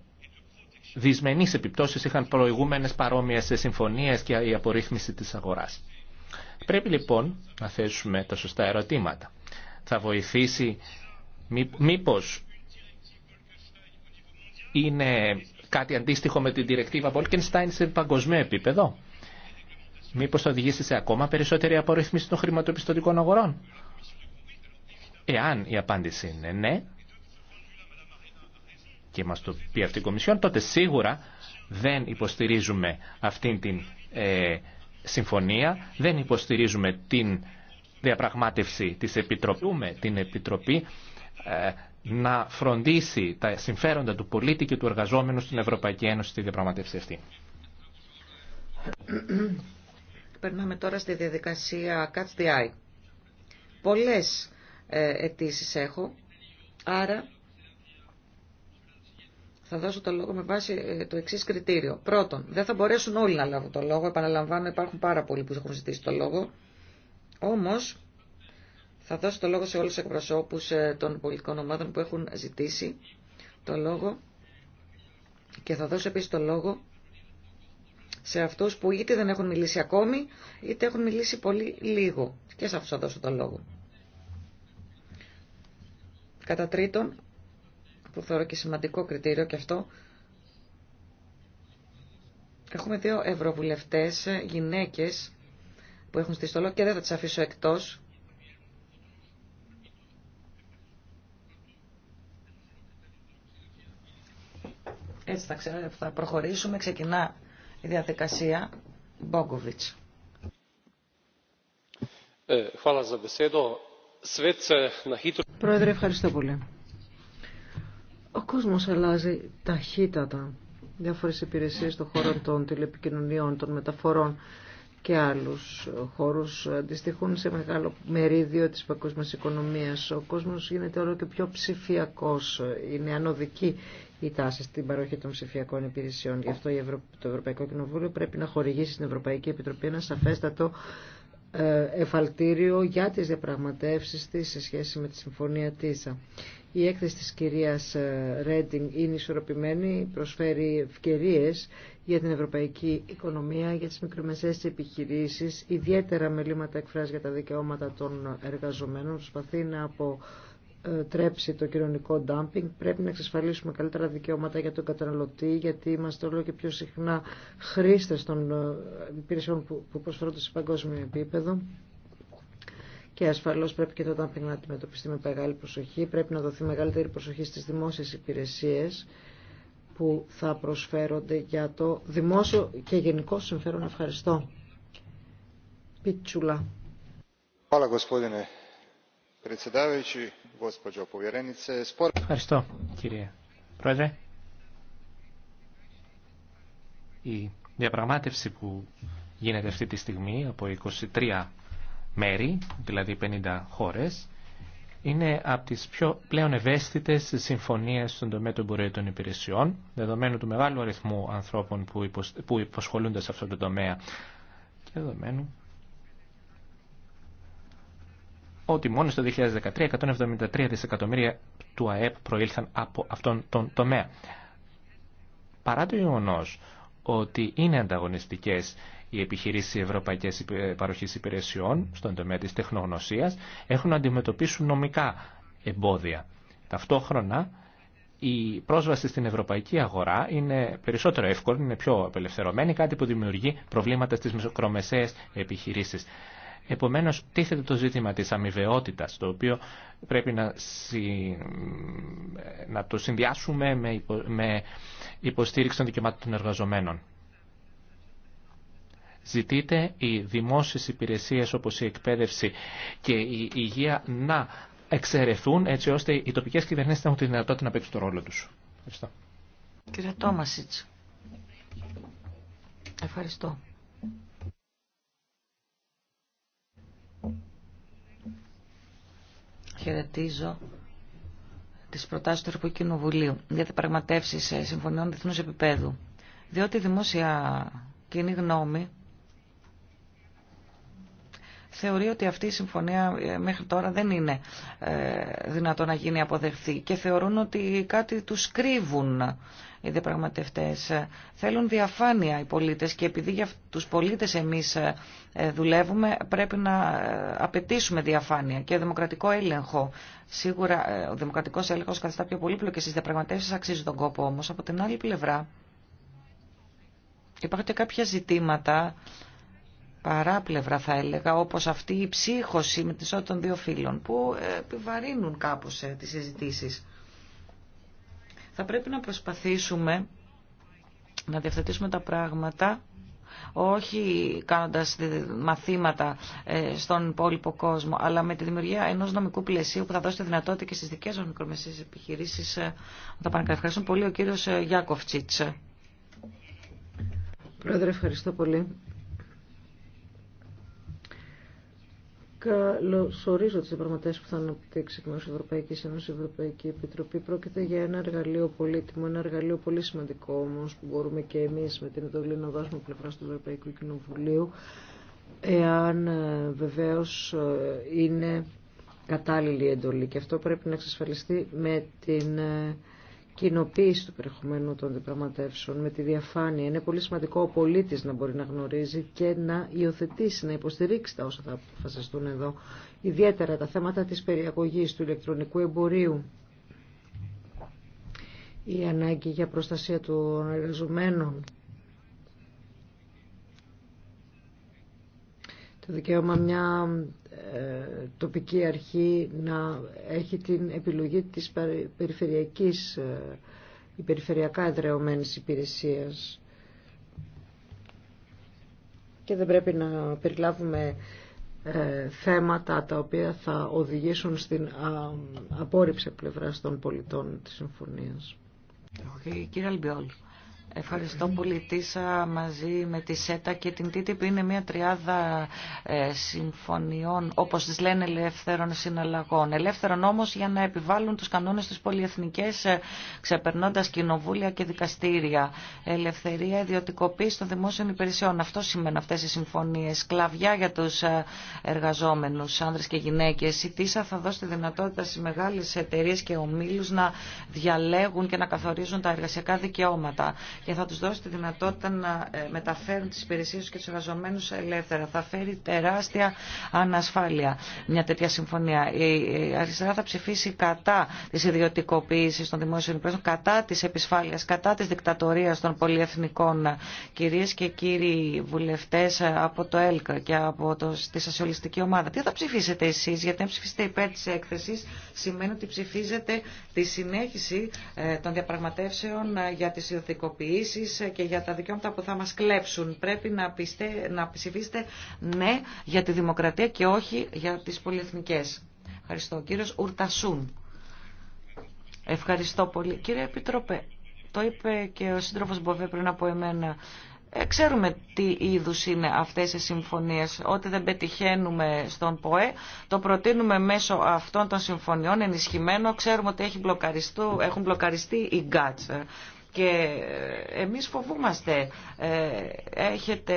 δυσμενείς επιπτώσεις είχαν προηγούμενες παρόμοιες συμφωνίες και η απορρίθμιση της αγοράς. Πρέπει λοιπόν να θέσουμε τα σωστά ερωτήματα. Θα βοηθήσει μήπως είναι κάτι αντίστοιχο με την Directiva Wolkenstein σε παγκοσμίο επίπεδο. Μήπως θα οδηγήσει σε ακόμα περισσότερη απορρίθμιση των χρηματοπιστωτικών αγορών. Εάν η απάντηση είναι ναι, και μας το πει αυτή η Κομισιόν, τότε σίγουρα δεν υποστηρίζουμε αυτήν την ε, συμφωνία, δεν υποστηρίζουμε την διαπραγμάτευση της Επιτροπής, την Επιτροπή ε, να φροντίσει τα συμφέροντα του πολίτη και του εργαζόμενου στην Ευρωπαϊκή Ένωση στη διαπραγματεύση αυτή. Περνάμε τώρα στη διαδικασία Catch the Πολλές ε, αιτήσει έχω, άρα θα δώσω το λόγο με βάση ε, το εξή κριτήριο. Πρώτον, δεν θα μπορέσουν όλοι να λάβουν το λόγο. Επαναλαμβάνω, υπάρχουν πάρα πολλοί που έχουν ζητήσει το λόγο. Όμω, θα δώσω το λόγο σε όλου του εκπροσώπου ε, των πολιτικών ομάδων που έχουν ζητήσει το λόγο και θα δώσω επίση το λόγο σε αυτούς που είτε δεν έχουν μιλήσει ακόμη, είτε έχουν μιλήσει πολύ λίγο. Και σε αυτούς θα δώσω το λόγο. Κατά τρίτον, που θεωρώ και σημαντικό κριτήριο και αυτό, έχουμε δύο ευρωβουλευτές, γυναίκες που έχουν στη στολό και δεν θα τις αφήσω εκτός. Έτσι θα, ξέρω, θα προχωρήσουμε. Ξεκινά η διαδικασία Μπόγκοβιτς. Ε, Πρόεδρε, ευχαριστώ πολύ. Ο κόσμος αλλάζει ταχύτατα. Διάφορες υπηρεσίες των χώρων των τηλεπικοινωνιών, των μεταφορών και άλλους χώρους αντιστοιχούν σε μεγάλο μερίδιο της παγκόσμια οικονομίας. Ο κόσμος γίνεται όλο και πιο ψηφιακός. Είναι ανωδική η τάση στην παροχή των ψηφιακών υπηρεσιών. Γι' αυτό το Ευρωπαϊκό Κοινοβούλιο πρέπει να χορηγήσει στην Ευρωπαϊκή Επιτροπή ένα σαφέστατο ε, εφαλτήριο για τις διαπραγματεύσεις της σε σχέση με τη Συμφωνία ΤΙΣΑ. Η έκθεση της κυρίας ε, Ρέντινγκ είναι ισορροπημένη, προσφέρει ευκαιρίες για την ευρωπαϊκή οικονομία, για τις μικρομεσαίες επιχειρήσεις, ιδιαίτερα μελήματα εκφράζει για τα δικαιώματα των εργαζομένων, προσπαθεί να απο ε, τρέψει το κοινωνικό ντάμπινγκ, πρέπει να εξασφαλίσουμε καλύτερα δικαιώματα για τον καταναλωτή, γιατί είμαστε όλο και πιο συχνά χρήστες των ε, υπηρεσιών που προσφέρονται σε παγκόσμιο επίπεδο και ασφαλώς πρέπει και το dumping να αντιμετωπιστεί με μεγάλη προσοχή. Πρέπει να δοθεί μεγαλύτερη προσοχή στις δημόσιες υπηρεσίες που θα προσφέρονται για το δημόσιο και γενικό συμφέρον. Ευχαριστώ. Πιτσούλα. Ευχαριστώ κύριε Πρόεδρε. Η διαπραγμάτευση που γίνεται αυτή τη στιγμή από 23 μέρη, δηλαδή 50 χώρες, είναι από τις πιο πλέον ευαίσθητες συμφωνίες στον τομέα των πορειτών υπηρεσιών, δεδομένου του μεγάλου αριθμού ανθρώπων που, υποσχολούνται σε αυτό το τομέα και δεδομένου ότι μόνο στο 2013 173 δισεκατομμύρια του ΑΕΠ προήλθαν από αυτόν τον τομέα. Παρά το γεγονό ότι είναι ανταγωνιστικές οι επιχειρήσει Ευρωπαϊκή παροχή υπηρεσιών στον τομέα τη τεχνογνωσία έχουν να αντιμετωπίσουν νομικά εμπόδια. Ταυτόχρονα, η πρόσβαση στην ευρωπαϊκή αγορά είναι περισσότερο εύκολη, είναι πιο απελευθερωμένη, κάτι που δημιουργεί προβλήματα στι μικρομεσαίε επιχειρήσει. Επομένω, τίθεται το ζήτημα τη αμοιβαιότητα, το οποίο πρέπει να, να το συνδυάσουμε με υποστήριξη των δικαιωμάτων των εργαζομένων. Ζητείτε οι δημόσιες υπηρεσίες όπως η εκπαίδευση και η υγεία να εξαιρεθούν έτσι ώστε οι τοπικές κυβερνήσεις να έχουν τη δυνατότητα να παίξουν το ρόλο τους. Ευχαριστώ. Κύριε Τόμασιτς, ευχαριστώ. Χαιρετίζω τι προτάσει του Ευρωπαϊκού Κοινοβουλίου για πραγματεύσει συμφωνιών διεθνού επίπεδου. Διότι η δημόσια κοινή γνώμη θεωρεί ότι αυτή η συμφωνία ε, μέχρι τώρα δεν είναι ε, δυνατό να γίνει αποδεχθή... και θεωρούν ότι κάτι τους κρύβουν οι διαπραγματευτέ. Θέλουν διαφάνεια οι πολίτε και επειδή για του πολίτε εμεί ε, δουλεύουμε, πρέπει να απαιτήσουμε διαφάνεια και δημοκρατικό έλεγχο. Σίγουρα ο δημοκρατικό έλεγχο καθιστά πιο πολύπλοκε στι διαπραγματεύσει, αξίζει τον κόπο όμω. Από την άλλη πλευρά, υπάρχουν και κάποια ζητήματα παράπλευρα θα έλεγα, όπως αυτή η ψύχωση με τη όταν των δύο φίλων, που επιβαρύνουν κάπως ε, τις συζητήσεις. Θα πρέπει να προσπαθήσουμε να διευθετήσουμε τα πράγματα, όχι κάνοντας μαθήματα ε, στον υπόλοιπο κόσμο, αλλά με τη δημιουργία ενός νομικού πλαισίου που θα δώσει τη δυνατότητα και στις δικές μας μικρομεσίες επιχειρήσεις ε, να τα πολύ ο κύριος Γιάκοφτσίτς. Πρόεδρε, ευχαριστώ πολύ. Καλωσορίζω τι διαπραγματεύσει που θα αναπτύξει εκ μέρου Ευρωπαϊκή Ένωση η Ευρωπαϊκή Επιτροπή. Πρόκειται για ένα εργαλείο πολύτιμο, ένα εργαλείο πολύ σημαντικό όμω που μπορούμε και εμεί με την εντολή να δώσουμε πλευρά του Ευρωπαϊκού Κοινοβουλίου. Εάν ε, βεβαίω ε, είναι κατάλληλη η εντολή και αυτό πρέπει να εξασφαλιστεί με την ε, κοινοποίηση του περιεχομένου των διαπραγματεύσεων με τη διαφάνεια. Είναι πολύ σημαντικό ο πολίτης να μπορεί να γνωρίζει και να υιοθετήσει, να υποστηρίξει τα όσα θα αποφασιστούν εδώ. Ιδιαίτερα τα θέματα της περιαγωγής του ηλεκτρονικού εμπορίου, η ανάγκη για προστασία των εργαζομένων, το δικαίωμα μια ε, τοπική αρχή να έχει την επιλογή της περιφερειακής, ε, η περιφερειακά εδρεωμένης υπηρεσίας. Και δεν πρέπει να περιλάβουμε ε, θέματα τα οποία θα οδηγήσουν στην απόρριψη πλευράς των πολιτών της συμφωνίας. Okay, κύριε Αλμπιόλου. Ευχαριστώ πολύ. Τίσα μαζί με τη ΣΕΤΑ και την που είναι μια τριάδα ε, συμφωνιών, όπως τις λένε, ελεύθερων συναλλαγών. Ελεύθερων όμως για να επιβάλλουν τους κανόνες τους πολυεθνικές, ε, ξεπερνώντας κοινοβούλια και δικαστήρια. Ελευθερία ιδιωτικοποίηση των δημόσιων υπηρεσιών. Αυτό σημαίνουν αυτές οι συμφωνίες. Σκλαβιά για τους ε, εργαζόμενους, άνδρες και γυναίκες. Η ΤΙΣΑ θα δώσει τη δυνατότητα στις μεγάλες εταιρείες και ομίλους να διαλέγουν και να καθορίζουν τα εργασιακά δικαιώματα και θα τους δώσει τη δυνατότητα να ε, μεταφέρουν τις υπηρεσίες και τους εργαζομένους ελεύθερα. Θα φέρει τεράστια ανασφάλεια μια τέτοια συμφωνία. Η αριστερά θα ψηφίσει κατά της ιδιωτικοποίησης των δημόσιων υπηρεσιών, κατά της επισφάλειας, κατά της δικτατορίας των πολυεθνικών κυρίες και κύριοι βουλευτές από το ΕΛΚ και από το, τη σασιολιστική ομάδα. Τι θα ψηφίσετε εσείς, γιατί αν ψηφίσετε υπέρ της έκθεσης σημαίνει ότι ψηφίζετε τη συνέχιση ε, των διαπραγματεύσεων ε, για τη ιδιωτικοποίηση επιχειρήσει και για τα δικαιώματα που θα μας κλέψουν. Πρέπει να, πιστε, να ψηφίσετε ναι για τη δημοκρατία και όχι για τι πολυεθνικέ. Ευχαριστώ. Κύριο Ουρτασούν. Ευχαριστώ πολύ. Κύριε Επιτροπέ, το είπε και ο σύντροφο Μποβέ πριν από εμένα. Ε, ξέρουμε τι είδου είναι αυτέ οι συμφωνίε Ό,τι δεν πετυχαίνουμε στον ΠΟΕ, το προτείνουμε μέσω αυτών των συμφωνιών ενισχυμένο. Ξέρουμε ότι έχει έχουν μπλοκαριστεί οι γκάτς και ε, εμείς φοβούμαστε, ε, έχετε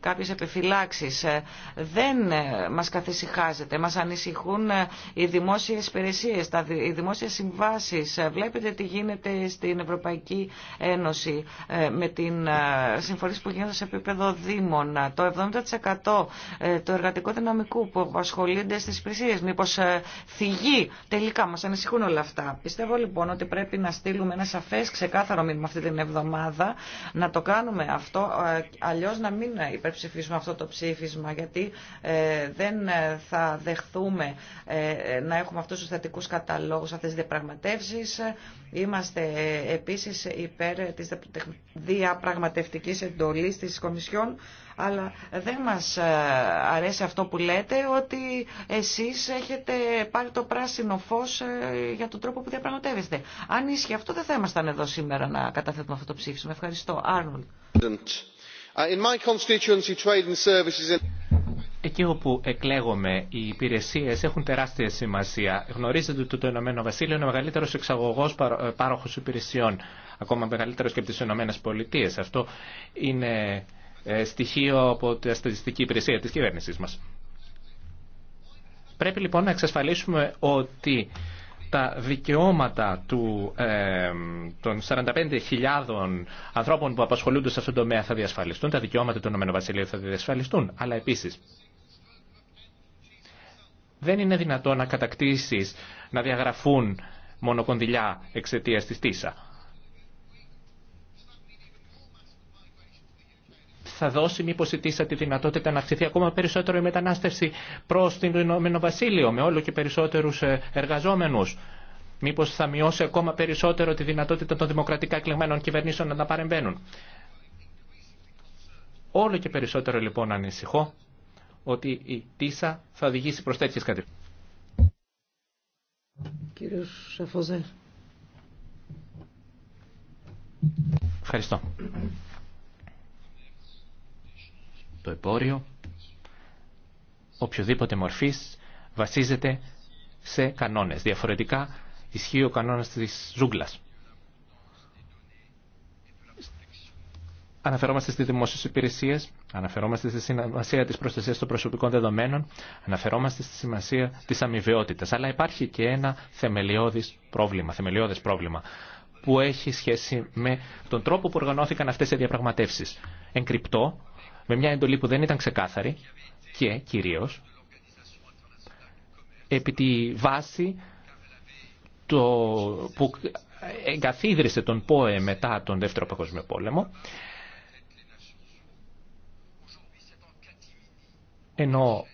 κάποιες επιφυλάξεις, ε, δεν μας καθησυχάζετε, μας ανησυχούν οι δημόσιες υπηρεσίες, οι δημόσιες συμβάσεις. Βλέπετε τι γίνεται στην Ευρωπαϊκή Ένωση με την συμφορίες που γίνεται σε επίπεδο δήμων, το 70% του εργατικού δυναμικού που ασχολείται στις υπηρεσίες, μήπως θυγεί. Τελικά μας ανησυχούν όλα αυτά. Πιστεύω λοιπόν ότι πρέπει να στείλουμε ένα σαφές ξεκάθαρο μήνυμα κάνουμε αυτή την εβδομάδα, να το κάνουμε αυτό, ε, αλλιώς να μην υπερψηφίσουμε αυτό το ψήφισμα, γιατί ε, δεν θα δεχθούμε ε, να έχουμε αυτούς τους θετικούς καταλόγους, αυτές τις διαπραγματεύσεις. Είμαστε επίσης υπέρ της διαπραγματευτικής εντολής της Κομισιόν αλλά δεν μας ε, αρέσει αυτό που λέτε ότι εσείς έχετε πάρει το πράσινο φως ε, για τον τρόπο που διαπραγματεύεστε. Αν ίσχυε αυτό δεν θα ήμασταν εδώ σήμερα να καταθέτουμε αυτό το ψήφισμα. Ευχαριστώ. Άρνολ. Uh, Εκεί όπου εκλέγομαι, οι υπηρεσίε έχουν τεράστια σημασία. Γνωρίζετε ότι το Ηνωμένο Βασίλειο είναι ο μεγαλύτερο εξαγωγό ε, πάροχο υπηρεσιών, ακόμα μεγαλύτερο και από τι Ηνωμένε Πολιτείε. Αυτό είναι ε, στοιχείο από τη στατιστική υπηρεσία της κυβέρνησης μας. Πρέπει λοιπόν να εξασφαλίσουμε ότι τα δικαιώματα του, ε, των 45.000 ανθρώπων που απασχολούνται σε αυτόν τον τομέα θα διασφαλιστούν, τα δικαιώματα του ΗΠΑ θα διασφαλιστούν, αλλά επίσης δεν είναι δυνατόν να κατακτήσεις, να διαγραφούν μονοκονδυλιά εξαιτίας της ΤΙΣΑ. θα δώσει μήπως τη δυνατότητα να αυξηθεί ακόμα περισσότερο η μετανάστευση προς την Ηνωμένο Βασίλειο με όλο και περισσότερου ε, εργαζόμενους. Μήπως θα μειώσει ακόμα περισσότερο τη δυνατότητα των δημοκρατικά εκλεγμένων κυβερνήσεων να τα παρεμβαίνουν. Όλο και περισσότερο λοιπόν ανησυχώ ότι η ΤΙΣΑ θα οδηγήσει προ τέτοιε κατευθύνσεις. Ευχαριστώ το εμπόριο οποιοδήποτε μορφής βασίζεται σε κανόνες. Διαφορετικά ισχύει ο κανόνας της ζούγκλας. Αναφερόμαστε στις δημόσιες υπηρεσίες, αναφερόμαστε στη σημασία της προστασίας των προσωπικών δεδομένων, αναφερόμαστε στη σημασία της αμοιβαιότητας. Αλλά υπάρχει και ένα θεμελιώδης πρόβλημα, θεμελιώδες πρόβλημα που έχει σχέση με τον τρόπο που οργανώθηκαν αυτές οι διαπραγματεύσεις. Εγκρυπτό, με μια εντολή που δεν ήταν ξεκάθαρη και κυρίως επί τη βάση το, που εγκαθίδρυσε τον ΠΟΕ μετά τον Δεύτερο Παγκόσμιο Πόλεμο ενώ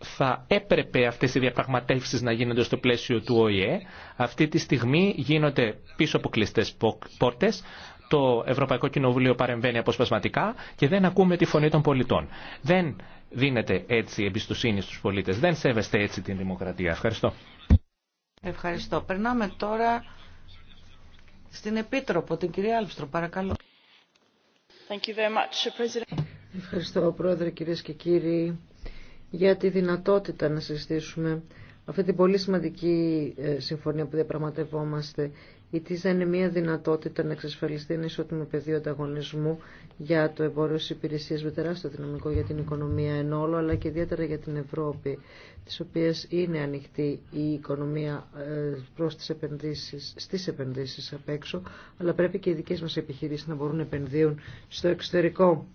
θα έπρεπε αυτές οι διαπραγματεύσεις να γίνονται στο πλαίσιο του ΟΗΕ. Αυτή τη στιγμή γίνονται πίσω από κλειστές πόρτες το Ευρωπαϊκό Κοινοβούλιο παρεμβαίνει αποσπασματικά και δεν ακούμε τη φωνή των πολιτών. Δεν δίνεται έτσι εμπιστοσύνη στους πολίτες. Δεν σέβεστε έτσι την δημοκρατία. Ευχαριστώ. Ευχαριστώ. Περνάμε τώρα στην Επίτροπο, την κυρία Άλπστρο, παρακαλώ. Thank you very much, President. Ευχαριστώ, Πρόεδρε, κυρίες και κύριοι, για τη δυνατότητα να συζητήσουμε αυτή την πολύ σημαντική ε, συμφωνία που διαπραγματευόμαστε η ΤΙΖΑ είναι μια δυνατότητα να εξασφαλιστεί ένα ισότιμο πεδίο ανταγωνισμού για το εμπόριο τη Υπηρεσία με τεράστιο δυναμικό για την οικονομία εν όλο, αλλά και ιδιαίτερα για την Ευρώπη, τη οποία είναι ανοιχτή η οικονομία ε, προ τι επενδύσει, στι επενδύσει απ' έξω, αλλά πρέπει και οι δικέ μα επιχειρήσει να μπορούν να επενδύουν στο εξωτερικό.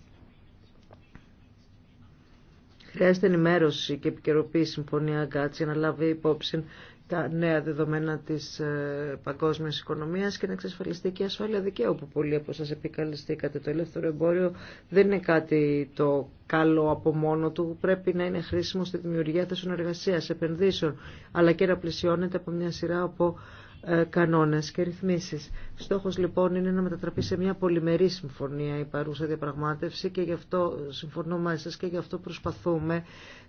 Χρειάζεται ενημέρωση και επικαιροποίηση συμφωνία ΑΓΚΑΤΣ για να λάβει υπόψη τα νέα δεδομένα της ε, παγκόσμιας οικονομίας και να εξασφαλιστεί και η ασφάλεια δικαίου που πολλοί από σας επικαλεστήκατε. Το ελεύθερο εμπόριο δεν είναι κάτι το καλό από μόνο του, πρέπει να είναι χρήσιμο στη δημιουργία θέσεων εργασίας, επενδύσεων, αλλά και να πλησιώνεται από μια σειρά από ε, κανόνες και ρυθμίσεις. Στόχος λοιπόν είναι να μετατραπεί σε μια πολυμερή συμφωνία η παρούσα διαπραγμάτευση και γι' αυτό συμφωνώ μαζί σας και γι' αυτό προσπαθούμε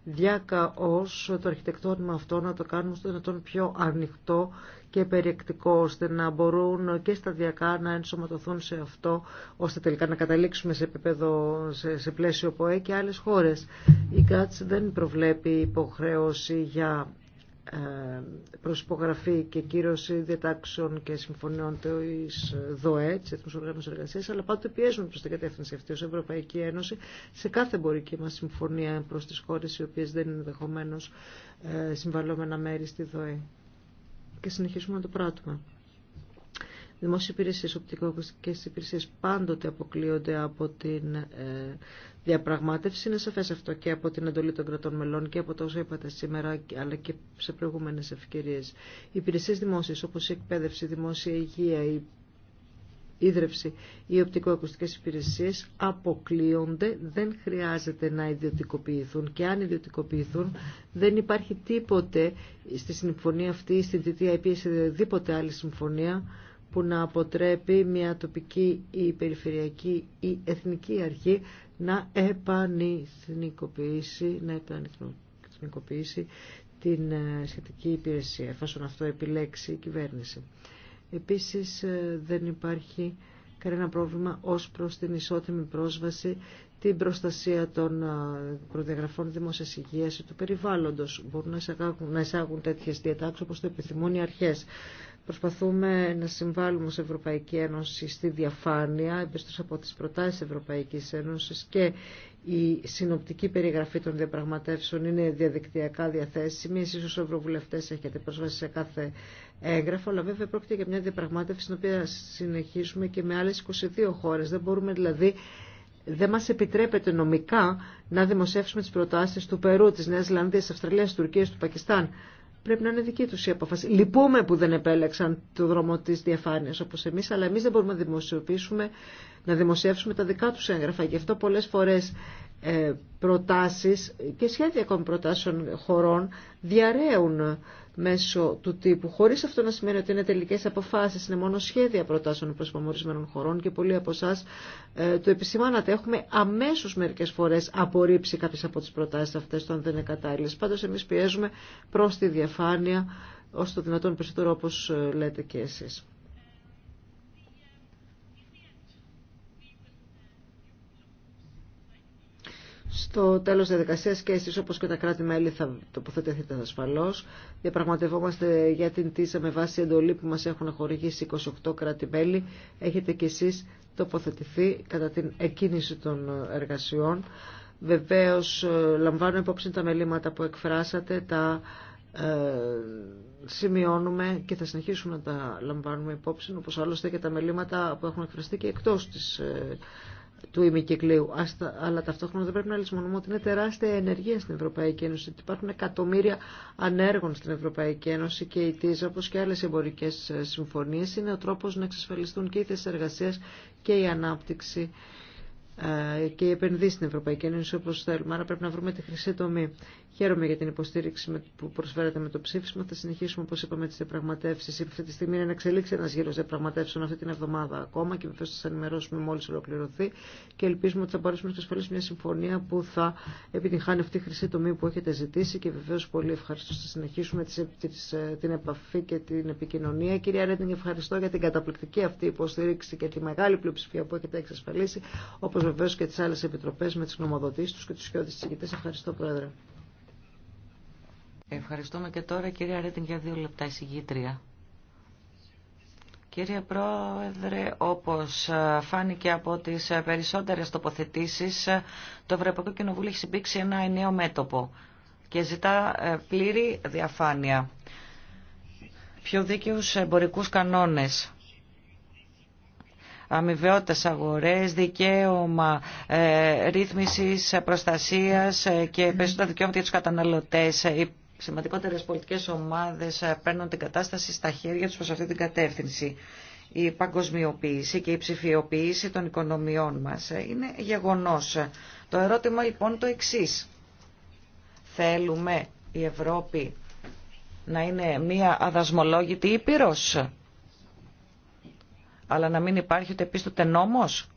Διάκα ως το αρχιτεκτόνιμο αυτό να το κάνουμε στο δυνατόν πιο ανοιχτό και περιεκτικό, ώστε να μπορούν και σταδιακά να ενσωματωθούν σε αυτό, ώστε τελικά να καταλήξουμε σε επίπεδο, σε, πλαίσιο ΠΟΕ και άλλες χώρες. Η ΚΑΤΣ δεν προβλέπει υποχρέωση για ε, υπογραφή και κύρωση διατάξεων και συμφωνιών της ΔΟΕ, της Εθνούς Οργάνωσης Εργασίας, αλλά πάντοτε πιέζουμε προς την κατεύθυνση αυτή ως Ευρωπαϊκή Ένωση σε κάθε εμπορική μα συμφωνία προς τις χώρες οι οποίες δεν είναι ενδεχομένω ε, συμβαλόμενα μέρη στη ΔΟΕ. Και συνεχίζουμε να το πράττουμε. Δημόσιες υπηρεσίες, οπτικοακουστικές υπηρεσίες πάντοτε αποκλείονται από την ε, διαπραγμάτευση. Είναι σαφές αυτό και από την εντολή των κρατών μελών και από το όσο είπατε σήμερα, αλλά και σε προηγούμενες ευκαιρίες. Οι υπηρεσίες δημόσιες, όπως η εκπαίδευση, η δημόσια υγεία, η ίδρυψη, ή οπτικοακουστικές υπηρεσίες αποκλείονται, δεν χρειάζεται να ιδιωτικοποιηθούν και αν ιδιωτικοποιηθούν δεν υπάρχει τίποτε στη συμφωνία αυτή, στην TTIP ή σε άλλη συμφωνία που να αποτρέπει μια τοπική ή περιφερειακή ή εθνική αρχή να επανειθνικοποιήσει να την ε, σχετική υπηρεσία, εφόσον αυτό επιλέξει η κυβέρνηση. Επίσης ε, δεν υπάρχει κανένα πρόβλημα ως προς την ισότιμη πρόσβαση, την προστασία των ε, προδιαγραφών δημόσιας υγείας του περιβάλλοντος. Μπορούν να εισάγουν, να εισάγουν τέτοιες διατάξεις όπως το επιθυμούν οι αρχές. Προσπαθούμε να συμβάλλουμε ως Ευρωπαϊκή Ένωση στη διαφάνεια, εμπιστος από τις προτάσεις Ευρωπαϊκής Ένωσης και η συνοπτική περιγραφή των διαπραγματεύσεων είναι διαδικτυακά διαθέσιμη. Εσείς ως Ευρωβουλευτές έχετε πρόσβαση σε κάθε έγγραφο, αλλά βέβαια πρόκειται για μια διαπραγμάτευση στην οποία συνεχίσουμε και με άλλες 22 χώρες. Δεν μπορούμε δηλαδή δεν μας επιτρέπεται νομικά να δημοσιεύσουμε τις προτάσεις του Περού, της Νέας Ζηλανδίας, της Αυστραλίας, Τουρκίας, του Πακιστάν πρέπει να είναι δική τους η απόφαση. Λυπούμε που δεν επέλεξαν το δρόμο της διαφάνειας όπως εμείς, αλλά εμείς δεν μπορούμε να δημοσιοποιήσουμε, να δημοσιεύσουμε τα δικά τους έγγραφα. Γι' αυτό πολλές φορές ε, προτάσεις και σχέδια ακόμη προτάσεων χωρών διαραίουν μέσω του τύπου, χωρίς αυτό να σημαίνει ότι είναι τελικές αποφάσεις, είναι μόνο σχέδια προτάσεων προς χωρών και πολλοί από εσά ε, το επισημάνατε. Έχουμε αμέσω μερικές φορές απορρίψει κάποιε από τις προτάσεις αυτές, αν δεν είναι κατάλληλε. Πάντως εμείς πιέζουμε προς τη διαφάνεια, ώστε το δυνατόν περισσότερο όπω ε, λέτε και εσείς. στο τέλος της διαδικασίας και εσείς όπως και τα κράτη-μέλη θα τοποθετηθείτε ασφαλώς. Διαπραγματευόμαστε για την ΤΙΣΑ με βάση εντολή που μας έχουν χορηγήσει 28 κράτη-μέλη. Έχετε και εσείς τοποθετηθεί κατά την εκκίνηση των εργασιών. Βεβαίως ε, λαμβάνω υπόψη τα μελήματα που εκφράσατε, τα ε, σημειώνουμε και θα συνεχίσουμε να τα λαμβάνουμε υπόψη, όπως άλλωστε και τα μελήματα που έχουν εκφραστεί και εκτός της ε, του ημικυκλίου. Αλλά ταυτόχρονα δεν πρέπει να λησμονούμε ότι είναι τεράστια ενεργεία στην Ευρωπαϊκή Ένωση, ότι υπάρχουν εκατομμύρια ανέργων στην Ευρωπαϊκή Ένωση και η ΤΙΖΑ, όπω και άλλε εμπορικέ ε, συμφωνίε, είναι ο τρόπο να εξασφαλιστούν και οι θέσει εργασία και η ανάπτυξη ε, και οι επενδύσει στην Ευρωπαϊκή Ένωση όπω θέλουμε. Άρα πρέπει να βρούμε τη χρυσή τομή. Χαίρομαι για την υποστήριξη που προσφέρετε με το ψήφισμα. Θα συνεχίσουμε, όπω είπαμε, τι διαπραγματεύσει. Αυτή τη στιγμή είναι να εξελίξει ένα γύρο διαπραγματεύσεων αυτή την εβδομάδα ακόμα και βεβαίω θα σα ενημερώσουμε μόλι ολοκληρωθεί και ελπίζουμε ότι θα μπορέσουμε να εξασφαλίσουμε μια συμφωνία που θα επιτυγχάνει αυτή η χρυσή τομή που έχετε ζητήσει και βεβαίω πολύ ευχαριστώ. Θα συνεχίσουμε την επαφή και την επικοινωνία. Κυρία Ρέντινγκ, ευχαριστώ για την καταπληκτική αυτή υποστήριξη και τη μεγάλη πλειοψηφία που έχετε εξασφαλίσει, όπω βεβαίω και τι άλλε επιτροπέ με τι νομοδοτήσει του και του χιώδει Ευχαριστώ, Πρόεδρε. Ευχαριστούμε και τώρα κυρία Ρέτιν για δύο λεπτά εισηγήτρια. Κύριε Πρόεδρε, όπως ε, φάνηκε από τις ε, περισσότερες τοποθετήσεις, ε, το Ευρωπαϊκό Κοινοβούλιο έχει συμπήξει ένα ενιαίο μέτωπο και ζητά πλήρη διαφάνεια. Πιο δίκαιους εμπορικούς κανόνες αμοιβαιότητες αγορές, δικαίωμα ρύθμισης προστασίας και περισσότερα δικαιώματα για τους καταναλωτές. Σημαντικότερε πολιτικές ομάδες ε, παίρνουν την κατάσταση στα χέρια του προ αυτή την κατεύθυνση. Η παγκοσμιοποίηση και η ψηφιοποίηση των οικονομιών μας ε, είναι γεγονό. Το ερώτημα λοιπόν το εξή. Θέλουμε η Ευρώπη να είναι μία αδασμολόγητη ήπειρος, αλλά να μην υπάρχει ούτε πίστοτε νόμος.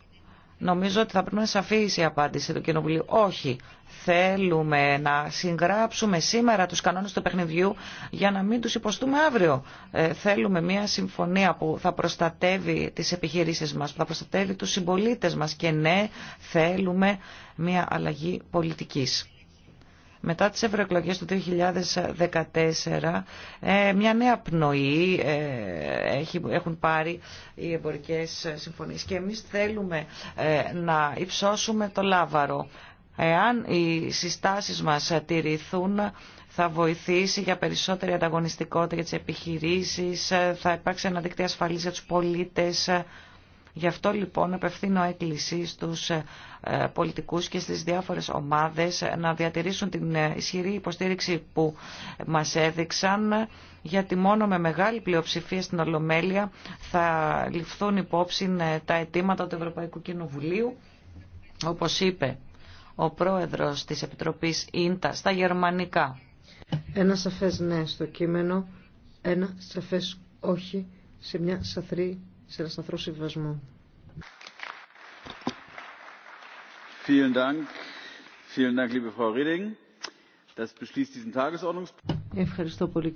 Νομίζω ότι θα πρέπει να είναι η απάντηση του Κοινοβουλίου. Όχι, θέλουμε να συγγράψουμε σήμερα τους κανόνες του παιχνιδιού για να μην τους υποστούμε αύριο. Ε, θέλουμε μια συμφωνία που θα προστατεύει τις επιχειρήσεις μας, που θα προστατεύει τους συμπολίτες μας και ναι, θέλουμε μια αλλαγή πολιτικής μετά τις ευρωεκλογέ του 2014 ε, μια νέα πνοή ε, έχουν πάρει οι εμπορικές συμφωνίες και εμείς θέλουμε ε, να υψώσουμε το λάβαρο. Εάν οι συστάσεις μας τηρηθούν θα βοηθήσει για περισσότερη ανταγωνιστικότητα για τις επιχειρήσεις, θα υπάρξει ένα δίκτυο ασφαλής για τους πολίτες, Γι' αυτό λοιπόν απευθύνω έκκληση στους ε, πολιτικούς και στις διάφορες ομάδες να διατηρήσουν την ε, ισχυρή υποστήριξη που μας έδειξαν γιατί μόνο με μεγάλη πλειοψηφία στην Ολομέλεια θα ληφθούν υπόψη ε, τα αιτήματα του Ευρωπαϊκού Κοινοβουλίου όπως είπε ο πρόεδρος της Επιτροπής Ίντα στα γερμανικά. Ένα σαφές ναι στο κείμενο, ένα σαφές όχι σε μια σαθρή σε ένα σταθρό συμβασμό. Ευχαριστώ πολύ